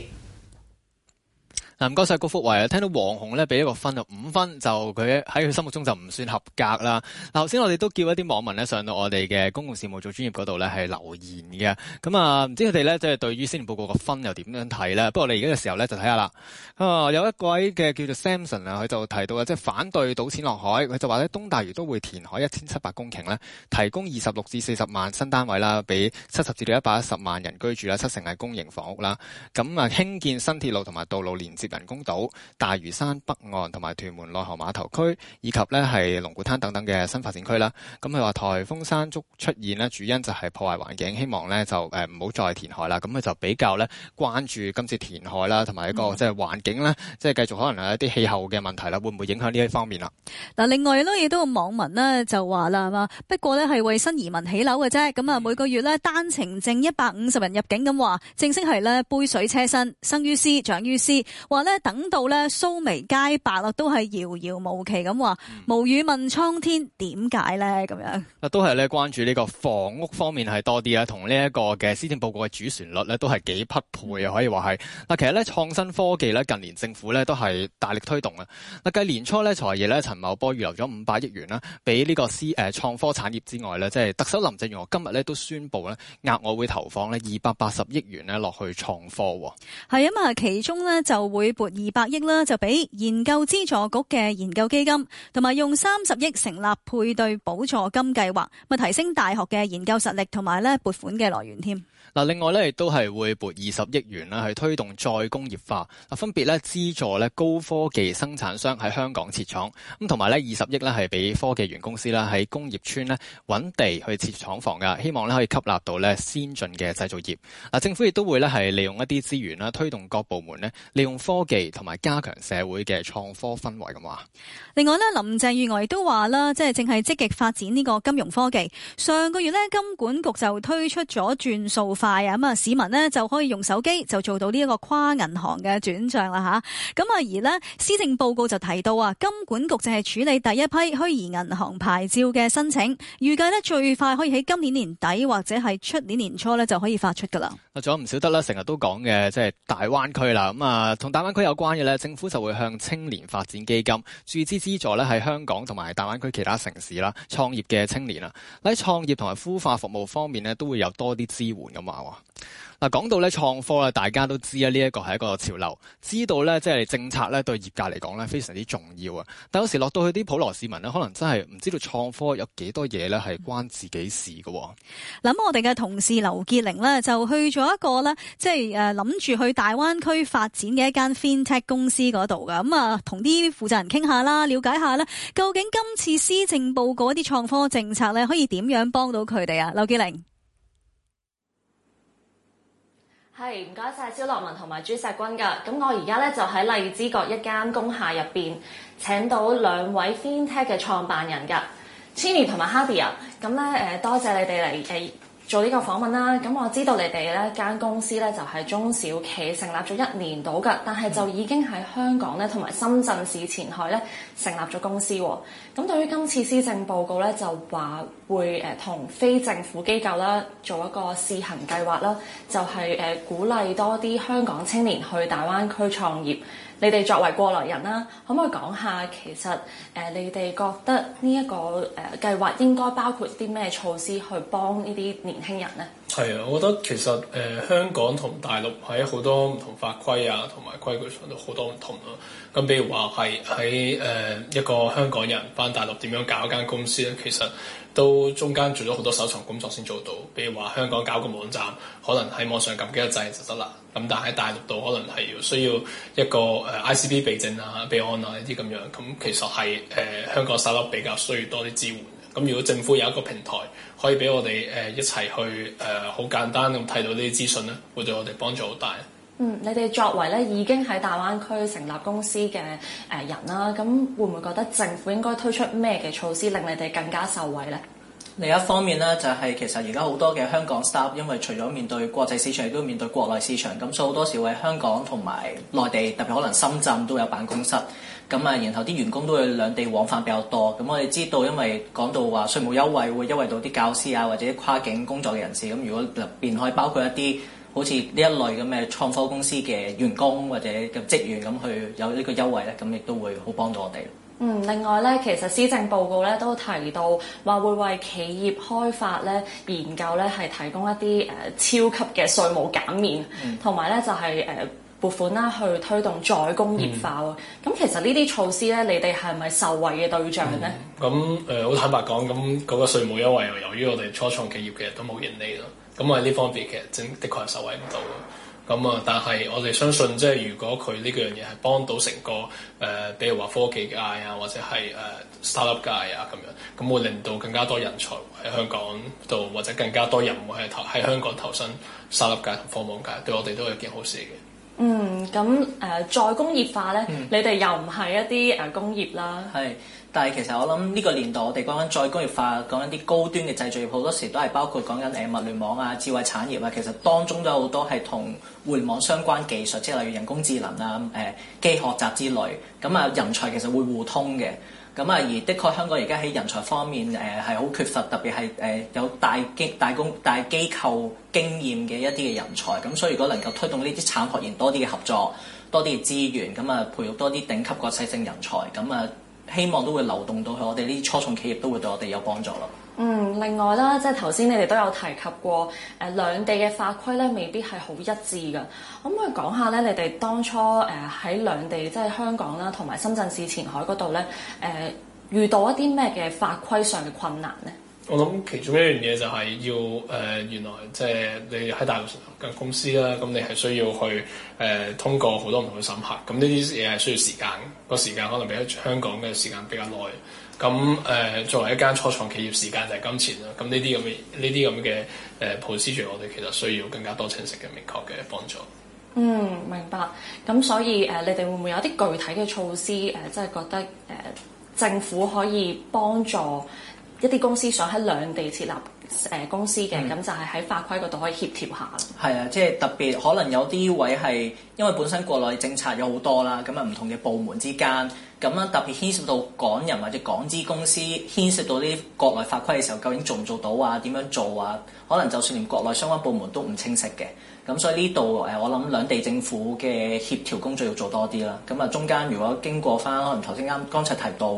南哥，晒谷福維啊！聽到黃紅咧俾一個分啊，五分就佢喺佢心目中就唔算合格啦。嗱，頭先我哋都叫一啲網民咧上到我哋嘅公共事務組專頁嗰度咧係留言嘅，咁啊唔知佢哋咧即係對於施政報告個分又點樣睇咧？不過你而家嘅時候咧就睇下啦。啊，有一位嘅叫做 Samson 啊，佢就提到啊，即係反對倒錢落海，佢就話咧東大嶼都會填海一千七百公頃咧，提供二十六至四十萬新單位啦，俾七十至到一百一十萬人居住啦，七成係公營房屋啦，咁啊興建新鐵路同埋道路連接。人工島、大嶼山北岸同埋屯門內河碼頭區，以及呢係龍鼓灘等等嘅新發展區啦。咁佢話颱風山竹出現呢，主因就係破壞環境，希望呢就誒唔好再填海啦。咁佢就比較呢關注今次填海啦，同埋一個即係環境呢，即係繼續可能係一啲氣候嘅問題啦，會唔會影響呢一方面啦？嗱，另外呢亦都有網民呢就話啦，啊不過呢係為新移民起樓嘅啫。咁啊每個月呢單程證一百五十人入境咁話，正式係呢杯水車薪，生於斯長於斯，咧等到咧蘇眉佳白都係遙遙無期咁話，無語問蒼天，點解咧咁樣？啊，都係咧關注呢個房屋方面係多啲啦，同呢一個嘅施政報告嘅主旋律咧都係幾匹配啊，可以話係。嗱，其實咧創新科技咧近年政府咧都係大力推動啊。嗱，計年初咧財爺咧陳茂波預留咗五百億元啦，俾呢個私誒創科產業之外咧，即係特首林鄭月娥今日咧都宣布咧額外會投放咧二百八十億元咧落去創科。係啊嘛，其中咧就會。撥二百億啦，就俾研究資助局嘅研究基金，同埋用三十億成立配對補助金計劃，咪提升大學嘅研究實力，同埋咧撥款嘅來源添。嗱，另外咧亦都係會撥二十億元去推動再工業化，分別咧資助咧高科技生產商喺香港設廠，咁同埋咧二十億咧係俾科技園公司啦喺工業村呢揾地去設廠房噶，希望咧可以吸納到咧先進嘅製造業。政府亦都會咧係利用一啲資源啦，推動各部門呢利用科技同埋加強社會嘅創科氛圍咁話。另外呢，林鄭月娥亦都話啦，即係正係積極發展呢個金融科技。上個月呢，金管局就推出咗轉數快啊！咁啊，市民呢就可以用手機就做到呢一個跨銀行嘅轉帳啦嚇。咁啊，而呢，施政報告就提到啊，金管局就係處理第一批虛擬銀行牌照嘅申請，預計呢最快可以喺今年年底或者係出年年初呢就可以發出㗎啦。啊，仲有唔少得啦，成日都講嘅即係大灣區啦。咁啊，同大灣區有關嘅咧，政府就會向青年發展基金注資資助呢，喺香港同埋大灣區其他城市啦，創業嘅青年啊，喺創業同埋孵化服務方面呢，都會有多啲支援㗎嘛。嗱，講到咧創科大家都知啊，呢一個係一個潮流，知道咧，即係政策咧，對業界嚟講咧非常之重要啊。但有時落到去啲普羅市民可能真係唔知道創科有幾多嘢咧係關自己事噶。咁、嗯、我哋嘅同事劉潔玲就去咗一個咧，即係誒諗住去大灣區發展嘅一間 FinTech 公司嗰度噶。咁啊，同啲負責人傾下啦，了解下究竟今次施政報告啲創科政策咧，可以點樣幫到佢哋啊？劉潔玲。係，唔該晒蕭洛汶同埋朱錫君噶。咁我而家咧就喺荔枝角一間工廈入邊請到兩位 FinTech 嘅創辦人噶 Chenya 同埋 Hardy 啊。咁咧誒，多謝你哋嚟誒。呃做呢個訪問啦，咁我知道你哋咧間公司咧就係中小企，成立咗一年到嘅，但係就已經喺香港咧同埋深圳市前海咧成立咗公司。咁對於今次施政報告咧就話會誒同非政府機構咧做一個試行計劃啦，就係、是、誒鼓勵多啲香港青年去大灣區創業。你哋作為過來人啦，可唔可以講下其實、呃、你哋覺得呢、這、一個計劃、呃、應該包括啲咩措施去幫呢啲年輕人咧？係啊，我覺得其實、呃、香港同大陸喺好多唔同法規啊，和規同埋規矩上都好多唔同咯。咁比如話係喺一個香港人返大陸點樣搞間公司咧，其實。都中間做咗好多搜尋工作先做到，比如話香港搞個網站，可能喺網上撳幾個掣就得啦。咁但係喺大陸度可能係要需要一個 ICB 備證啊、備案啊呢啲咁樣，咁、啊、其實係、呃、香港沙粒比較需要多啲支援。咁、啊、如果政府有一個平台可以俾我哋、呃、一齊去誒好、呃、簡單咁睇到呢啲資訊咧，會對我哋幫助好大。嗯，你哋作為咧已經喺大灣區成立公司嘅人啦，咁會唔會覺得政府應該推出咩嘅措施令你哋更加受惠呢？另一方面咧，就係其實而家好多嘅香港 staff，因為除咗面對國際市場，亦都面對國內市場，咁所以好多時會喺香港同埋內地，特別可能深圳都有辦公室，咁啊，然後啲員工都會兩地往返比較多。咁我哋知道，因為講到話稅務優惠會優惠到啲教師啊，或者跨境工作嘅人士，咁如果入面可以包括一啲。好似呢一類咁嘅創科公司嘅員工或者嘅職員咁，去有呢個優惠咧，咁亦都會好幫助我哋。嗯，另外咧，其實施政報告咧都提到話會為企業開發咧、研究咧係提供一啲、呃、超級嘅稅務減免，同埋咧就係、是、誒、呃、撥款啦，去推動再工業化喎。咁、嗯、其實呢啲措施咧，你哋係咪受惠嘅對象咧？咁、嗯、好、呃、坦白講，咁嗰個稅務優惠由於我哋初創企業其實都冇盈利咯。咁啊，呢方面其實真的確係受惠唔到。咁啊，但係我哋相信，即係如果佢呢樣嘢係幫到成個，比如話科技界啊，或者係 startup 界啊咁樣，咁會令到更加多人才喺香港度，或者更加多人會喺投喺香港投身 startup 界同科網界，對我哋都係一件好事嘅。嗯，咁再工業化咧，嗯、你哋又唔係一啲工業啦，係。但係，其實我諗呢個年代，我哋講緊再工業化，講緊啲高端嘅製造業，好多時都係包括講緊誒物聯網啊、智慧產業啊。其實當中都有好多係同互聯網相關技術，即係例如人工智能啊、誒機學習之類。咁啊，人才其實會互通嘅。咁啊，而的確香港而家喺人才方面誒係好缺乏，特別係誒有大機大公大機構經驗嘅一啲嘅人才。咁所以如果能夠推動呢啲產學研多啲嘅合作，多啲嘅資源，咁啊培育多啲頂級國際性人才，咁啊～希望都會流動到去我哋呢啲初創企業，都會對我哋有幫助咯。嗯，另外啦，即係頭先你哋都有提及過，誒、呃、兩地嘅法規咧未必係好一致㗎。可唔可以講下咧，你哋當初誒喺兩地，即係香港啦同埋深圳市前海嗰度咧，誒、呃、遇到一啲咩嘅法規上嘅困難咧？我諗其中一樣嘢就係要誒、呃、原來即係你喺大陸嘅公司啦，咁你係需要去誒、呃、通過好多唔同嘅審核，咁呢啲嘢係需要時間，個時間可能比香港嘅時間比較耐。咁誒、呃、作為一間初創企業，時間就係金錢啦。咁呢啲咁嘅呢啲咁嘅誒 procedure，我哋其實需要更加多清晰嘅明確嘅幫助。嗯，明白。咁所以誒、呃，你哋會唔會有啲具體嘅措施誒？即、呃、係、就是、覺得誒、呃、政府可以幫助。一啲公司想喺兩地設立公司嘅，咁、嗯、就係喺法規嗰度可以協調下。係啊，即係特別可能有啲位係因為本身國內政策有好多啦，咁啊唔同嘅部門之間，咁咧特別牽涉到港人或者港資公司牽涉到啲國內法規嘅時候，究竟做唔做到啊？點樣做啊？可能就算連國內相關部門都唔清晰嘅，咁所以呢度我諗兩地政府嘅協調工作要做多啲啦。咁啊，中間如果經過翻，可能頭先啱剛才提到。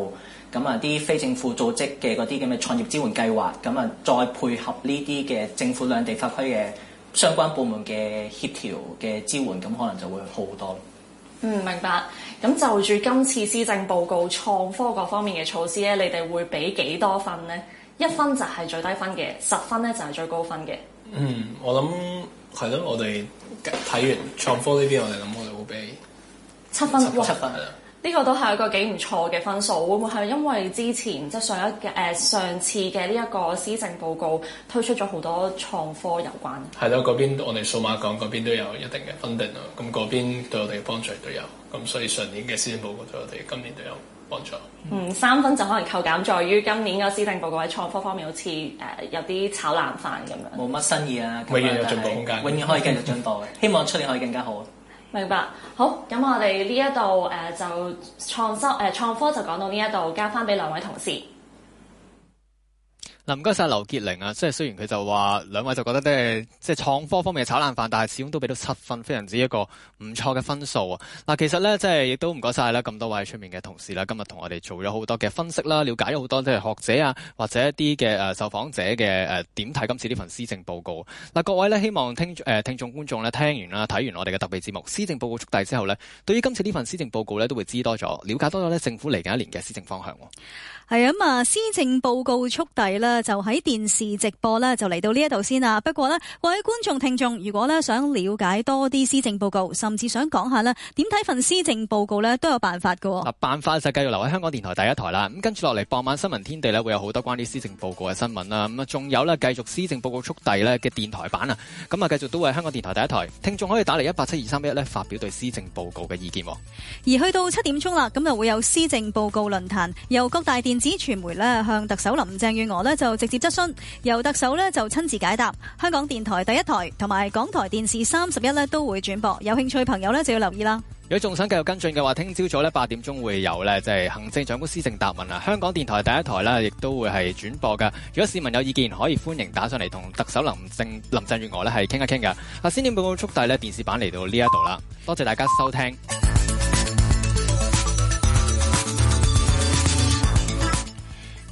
咁啊，啲非政府組織嘅嗰啲咁嘅創業支援計劃，咁啊再配合呢啲嘅政府兩地法規嘅相關部門嘅協調嘅支援，咁可能就會好好多咯。嗯，明白。咁就住今次施政報告創科各方面嘅措施咧，你哋會俾幾多分咧？一分就係最低分嘅，十分咧就係最高分嘅。嗯，我諗係咯，我哋睇完創科呢邊，我哋諗我哋會俾七分七分。七分七分呢個都係一個幾唔錯嘅分數，會唔會係因為之前即、係、上一、呃、上次嘅呢一個施政報告推出咗好多創科有關？係啦，嗰邊我哋數碼港嗰邊都有一定嘅 funding 咯，咁嗰邊對我哋嘅幫助亦都有，咁所以上年嘅施政報告對我哋今年都有幫助。嗯，三分就可能扣減在於今年嘅施政報告喺創科方面好似、呃、有啲炒冷飯咁樣。冇乜新意啊，永遠有進步空間，永遠可以繼續進步嘅， <laughs> 希望出年可以更加好。明白，好，咁我哋呢一度就創收，誒、呃、創科就講到呢一度，交翻俾兩位同事。嗱，唔該晒劉傑玲啊！即係雖然佢就話兩位就覺得都係即係創科方面嘅炒冷飯，但係始終都俾到七分，非常之一個唔錯嘅分數啊！嗱，其實咧，即係亦都唔該晒啦，咁多位出面嘅同事啦，今日同我哋做咗好多嘅分析啦，了解咗好多即係學者啊，或者一啲嘅受訪者嘅誒點睇今次呢份施政報告。嗱，各位呢，希望聽誒聽眾觀眾聽完啦，睇完我哋嘅特別節目《施政報告速遞》之後呢，對於今次呢份施政報告呢，都會知多咗，了解多咗呢政府嚟緊一年嘅施政方向。係咁啊！施政報告速遞呢，就喺電視直播呢就嚟到呢一度先啦。不過呢，各位觀眾聽眾，如果呢想了解多啲施政報告，甚至想講下呢點睇份施政報告呢都有辦法噶喎。辦法就繼續留喺香港電台第一台啦。咁跟住落嚟，傍晚新聞天地呢會有好多關於施政報告嘅新聞啦。咁、嗯、啊，仲有呢，繼續施政報告速遞呢嘅電台版啊。咁、嗯、啊，繼續都係香港電台第一台，聽眾可以打嚟一八七二三一一呢發表對施政報告嘅意見。而去到七點鐘啦，咁、嗯、就會有施政報告論壇，由各大電。電子傳媒咧向特首林鄭月娥就直接質詢，由特首就親自解答。香港電台第一台同埋港台電視三十一都會轉播，有興趣朋友就要留意啦。如果仲想繼續跟進嘅話，聽朝早咧八點鐘會有咧就係行政長官施政答問啊！香港電台第一台咧亦都會係轉播噶如果市民有意見，可以歡迎打上嚟同特首林鄭林鄭月娥咧係傾一傾噶啊，施政報告速遞咧電視版嚟到呢一度啦，多謝大家收聽。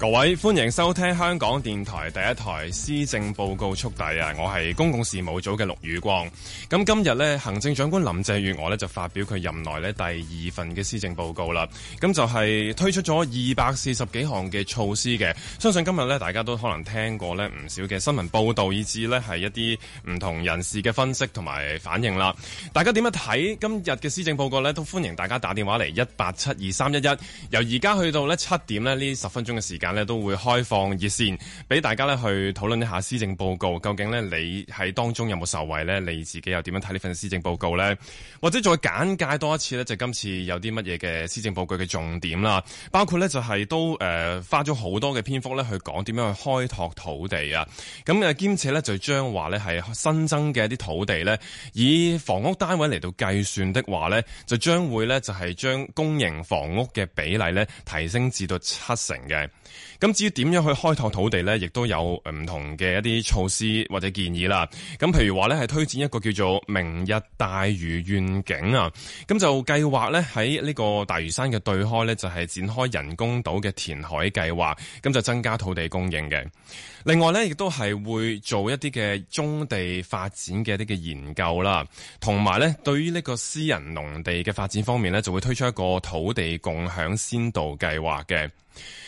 各位歡迎收聽香港電台第一台施政報告速遞啊！我係公共事務組嘅陸宇光。咁今日呢，行政長官林鄭月娥呢就發表佢任內呢第二份嘅施政報告啦。咁就係推出咗二百四十幾項嘅措施嘅，相信今日呢大家都可能聽過呢唔少嘅新聞報道，以至呢係一啲唔同人士嘅分析同埋反應啦。大家點樣睇今日嘅施政報告呢？都歡迎大家打電話嚟，一八七二三一一，由而家去到呢七點呢呢十分鐘嘅時間，都會開放熱線俾大家咧去討論一下施政報告，究竟呢你喺當中有冇受惠呢？你自己又點樣睇呢份施政報告呢？或者再簡介多一次呢，就今次有啲乜嘢嘅施政報告嘅重點啦。包括呢就係都誒花咗好多嘅篇幅呢去講點樣去開拓土地啊。咁啊兼且呢，就將話呢係新增嘅一啲土地呢，以房屋單位嚟到計算的話呢，就將會呢就係將公營房屋嘅比例呢提升至到七成嘅。咁至於點樣去開拓土地呢？亦都有唔同嘅一啲措施或者建議啦。咁譬如話呢係推展一個叫做明日大嶼願景啊。咁就計劃呢喺呢個大嶼山嘅對開呢，就係、是、展開人工島嘅填海計劃，咁就增加土地供應嘅。另外呢，亦都係會做一啲嘅棕地發展嘅啲嘅研究啦。同埋呢，對於呢個私人農地嘅發展方面呢，就會推出一個土地共享先導計劃嘅。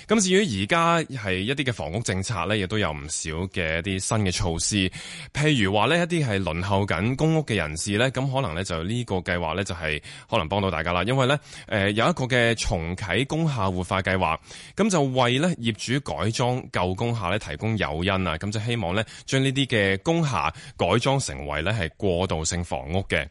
咁至於而家係一啲嘅房屋政策咧，亦都有唔少嘅一啲新嘅措施，譬如話呢，一啲係輪候緊公屋嘅人士咧，咁可能咧就呢個計劃咧就係可能幫到大家啦。因為咧誒、呃、有一個嘅重啟工廈活化計劃，咁就為咧業主改裝舊工廈咧提供誘因啊，咁就希望咧將呢啲嘅工廈改裝成為咧係過渡性房屋嘅。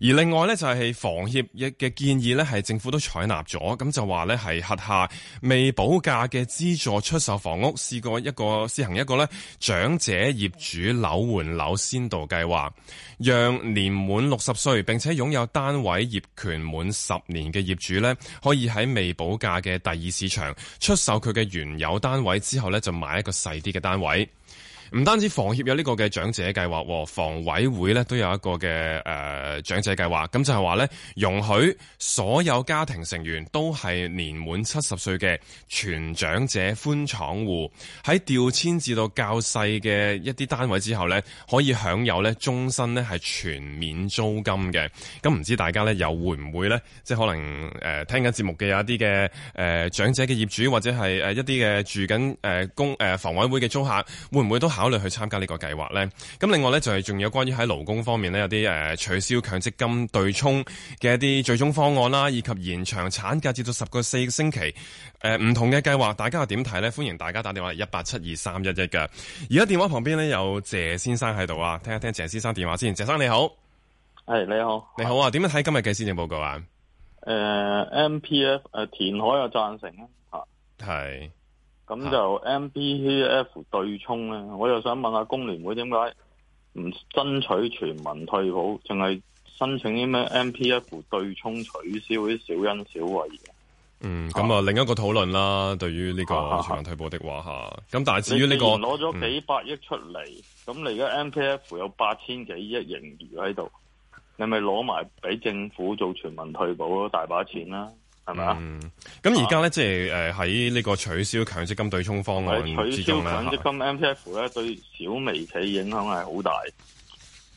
而另外呢，就係房協亦嘅建議呢，係政府都採納咗，咁就話呢，係轄下未保價嘅資助出售房屋，試過一個施行一個呢長者業主樓換樓先導計劃，讓年滿六十歲並且擁有單位業權滿十年嘅業主呢，可以喺未保價嘅第二市場出售佢嘅原有單位之後呢，就買一個細啲嘅單位。唔單止房協有呢個嘅長者計劃，房委會咧都有一個嘅，誒、呃、長者計劃，咁就係話咧，容許所有家庭成員都係年滿七十歲嘅全長者寬敞戶喺調遷至到較細嘅一啲單位之後咧，可以享有咧終身咧係全免租金嘅。咁唔知大家咧又會唔會咧，即係可能誒、呃、聽緊節目嘅有一啲嘅誒長者嘅業主，或者係誒一啲嘅住緊誒公誒房委會嘅租客，會唔會都？考慮去參加呢個計劃呢。咁另外呢，就係、是、仲有關於喺勞工方面呢，有啲誒、呃、取消強積金對沖嘅一啲最終方案啦，以及延長產假至到十個四星期，誒、呃、唔同嘅計劃，大家又點睇呢？歡迎大家打電話嚟一八七二三一一㗎。而家電話旁邊呢，有謝先生喺度啊，聽一聽謝先生電話先。謝生你好，係你好，你好啊，點樣睇今日嘅施政報告啊？誒、呃、，MPF 誒、呃，填海又贊成啊？係。咁就 M P F 對沖咧，我又想問下工聯會點解唔爭取全民退保，淨係申請啲咩 M P F 對沖取消啲小恩小惠嘅？嗯，咁啊，另一個討論啦，對於呢個全民退保的話下咁、啊啊啊啊啊啊、但係至於呢、這個，我攞咗幾百億出嚟，咁、嗯、你而家 M P F 有八千幾億盈餘喺度，你咪攞埋俾政府做全民退保咯，大把錢啦。係嘛？嗯，咁而家咧，即係誒喺呢個取消強積金對沖方案之中呢，取消強積金 MPF 咧，對小微企影響係好大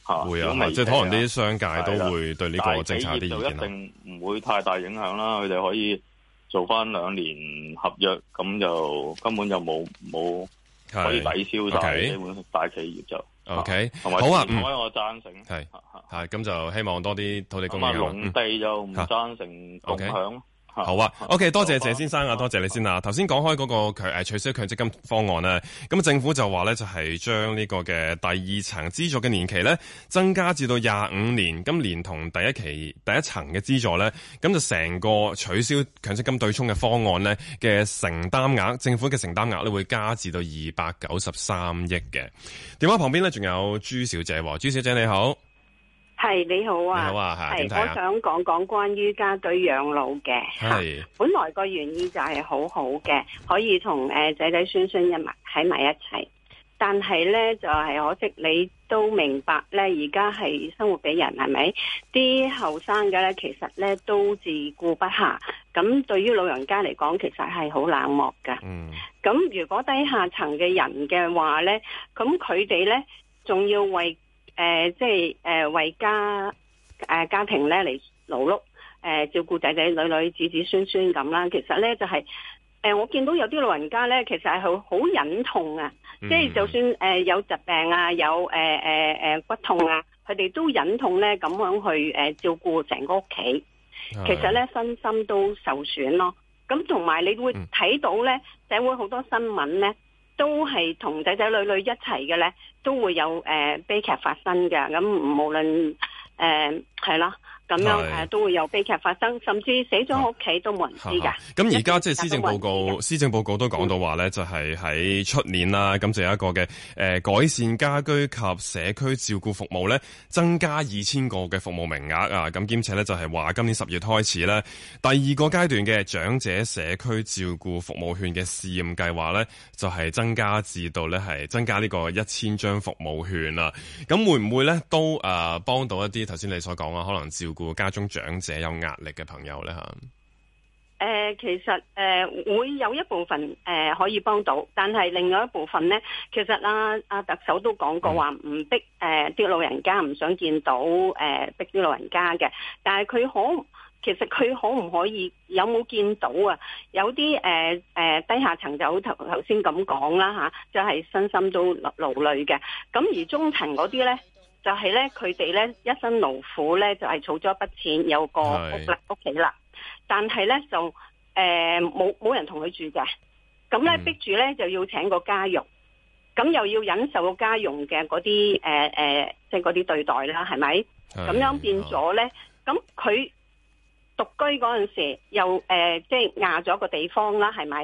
嚇。會啊，即係、啊啊就是、可能啲商界都會對呢個政策啲意見啦。大企業就一定唔會太大影響啦。佢哋可以做翻兩年合約，咁就根本就冇冇可以抵消，但基本大企業就 OK，同埋、啊、好啊，唔該，我贊成。係咁、啊啊啊嗯啊、就希望多啲土地供應、啊。咁、啊、農地又唔贊成共享。好啊，OK，多謝謝先生啊，多謝你先啊。頭先講開嗰個強誒取消強積金方案咧，咁政府就話呢，就係將呢個嘅第二層資助嘅年期呢，增加至到廿五年，咁連同第一期第一層嘅資助呢，咁就成個取消強積金對沖嘅方案呢嘅承擔額，政府嘅承擔額呢，會加至到二百九十三億嘅。電話旁邊呢，仲有朱小姐，朱小姐你好。係你好啊，係、啊啊、我想講講關於家居養老嘅。係本來個原意就係好好嘅，可以同誒仔仔孫孫一埋喺埋一齊。但係呢，就係、是、可惜，你都明白呢，而家係生活嘅人係咪啲後生嘅呢，其實呢都自顧不暇，咁對於老人家嚟講，其實係好冷漠噶。咁、嗯、如果低下層嘅人嘅話呢，咁佢哋呢仲要為。誒、呃，即係誒、呃、為家誒、呃、家庭咧嚟勞碌，誒、呃、照顧仔仔女女子子孫孫咁啦。其實咧就係、是，誒、呃、我見到有啲老人家咧，其實係好好忍痛啊，mm. 即係就算誒、呃、有疾病啊，有誒誒誒骨痛啊，佢哋都忍痛咧咁樣去誒、呃、照顧成個屋企。其實咧身心都受損咯。咁同埋你會睇到咧，mm. 社會好多新聞咧。都係同仔仔女女一齊嘅咧，都會有誒悲劇發生嘅。咁無論誒係啦。嗯咁樣誒都會有悲劇發生，甚至死咗屋企都冇人知㗎。咁而家即係施政報告，施政報告都講到話咧，就係喺出年啦，咁就有一個嘅誒、呃、改善家居及社區照顧服務咧，增加二千個嘅服務名額啊。咁兼且咧就係、是、話今年十月開始咧，第二個階段嘅長者社區照顧服務券嘅試驗計劃咧，就係、是、增加至到咧係增加呢個一千張服務券啦。咁會唔會咧都誒幫、呃、到一啲頭先你所講啊，可能照顧。家中長者有壓力嘅朋友咧嚇，誒、呃、其實誒、呃、會有一部分誒、呃、可以幫到，但係另外一部分咧，其實啊啊特首都講過話唔、嗯、逼誒啲、呃、老人家唔想見到誒、呃、逼啲老人家嘅，但係佢可其實佢可唔可以有冇見到啊？有啲誒誒低下層就好頭頭先咁講啦吓，就係、是、身心都勞累嘅，咁而中層嗰啲咧。就係、是、咧，佢哋咧一身勞苦咧，就係儲咗一筆錢，有個屋啦屋企啦，但係咧就誒冇冇人同佢住嘅，咁咧、嗯、逼住咧就要請個家傭。咁又要忍受個家傭嘅嗰啲誒誒，即係嗰啲對待啦，係咪？咁樣變咗咧，咁、哦、佢獨居嗰陣時又誒，即係壓咗個地方啦，係咪？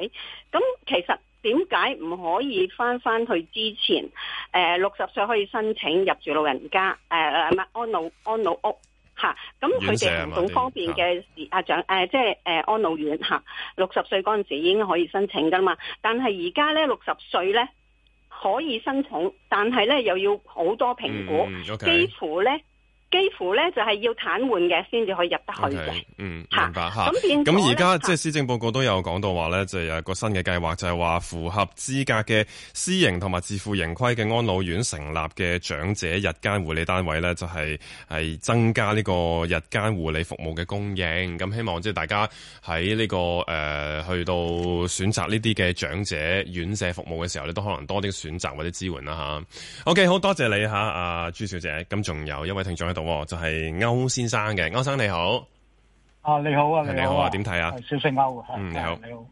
咁其實。點解唔可以翻翻去之前？誒、呃，六十歲可以申請入住老人家，誒唔係安老安老屋吓。咁佢哋唔同方面嘅阿長誒，即係誒安老院吓。六十歲嗰陣時已經可以申請噶啦嘛。但係而家咧六十歲咧可以申請，但係咧又要好多評估，嗯 okay. 幾乎咧。幾乎咧就係、是、要癱瘓嘅先至可以入得去嘅，okay，嗯，明白吓，咁而家即係施政報告都有講到話咧，就是、有一個新嘅計劃，就係、是、話符合資格嘅私營同埋自負盈虧嘅安老院成立嘅長者日間護理單位咧，就係、是、係增加呢個日間護理服務嘅供應。咁希望即係大家喺呢、這個誒、呃、去到選擇呢啲嘅長者院舍服務嘅時候咧，你都可能多啲選擇或者支援啦吓。啊、o、okay, K，好多謝你吓，啊朱小姐。咁仲有一位聽眾就係、是、歐先生嘅，歐生你好。你好啊，你好啊，你好啊，點睇啊？小姓歐，你好，你好。誒、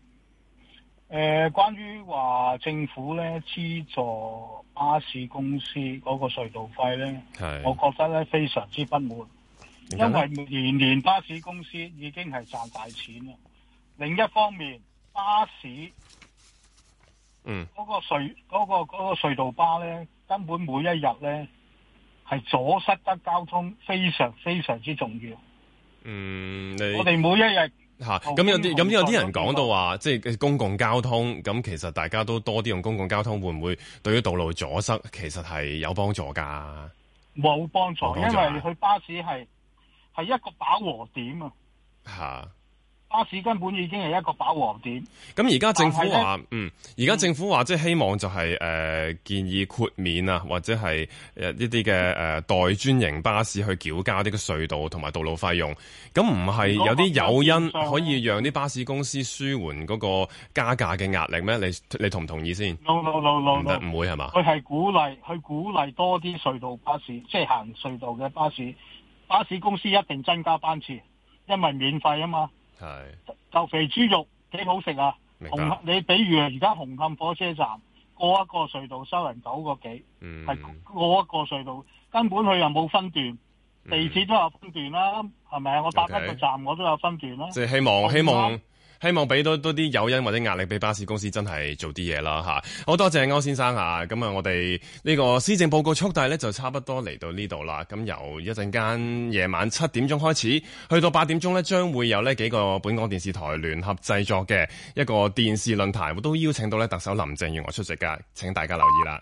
呃，關於話政府咧資助巴士公司嗰個隧道費咧，係，我覺得咧非常之不滿，因為年年巴士公司已經係賺大錢啦。另一方面，巴士，嗯，嗰、嗰個隧、嗰個、嗰個隧道巴咧，根本每一日咧。係阻塞得交通非常非常之重要。嗯，你我哋每一日吓咁有啲咁有啲人講到話，即係公共交通咁，其實大家都多啲用公共交通，會唔會對於道路阻塞其實係有幫助㗎、啊？冇幫助，助，因為去巴士係係、啊、一個飽和點啊。吓、啊。巴士根本已經係一個飽和點。咁而家政府話，嗯，而家政府話，即係希望就係誒建議豁免啊，或者係誒呢啲嘅、誒代專營巴士去繳交啲嘅隧道同埋道路費用。咁唔係有啲誘因可以讓啲巴士公司舒緩嗰個加價嘅壓力咩？你你同唔同意先？唔得，唔會係嘛？佢係鼓勵，佢鼓勵多啲隧道巴士，即係行隧道嘅巴士。巴士公司一定增加班次，因為免費啊嘛。係就肥豬肉幾好食啊！紅你比如而家紅磡火車站過一個隧道收人九個幾，係、嗯、過一個隧道根本佢又冇分段，嗯、地鐵都有分段啦，係咪啊？我搭一個站 okay，我都有分段啦，即係希望希望。希望俾多多啲誘因或者壓力俾巴士公司真，真係做啲嘢啦嚇！好多謝歐先生嚇，咁啊，我哋呢個施政報告速遞呢，就差不多嚟到呢度啦。咁由一陣間夜晚七點鐘開始，去到八點鐘呢，將會有呢幾個本港電視台聯合製作嘅一個電視論壇，都邀請到呢特首林鄭月娥出席噶。請大家留意啦。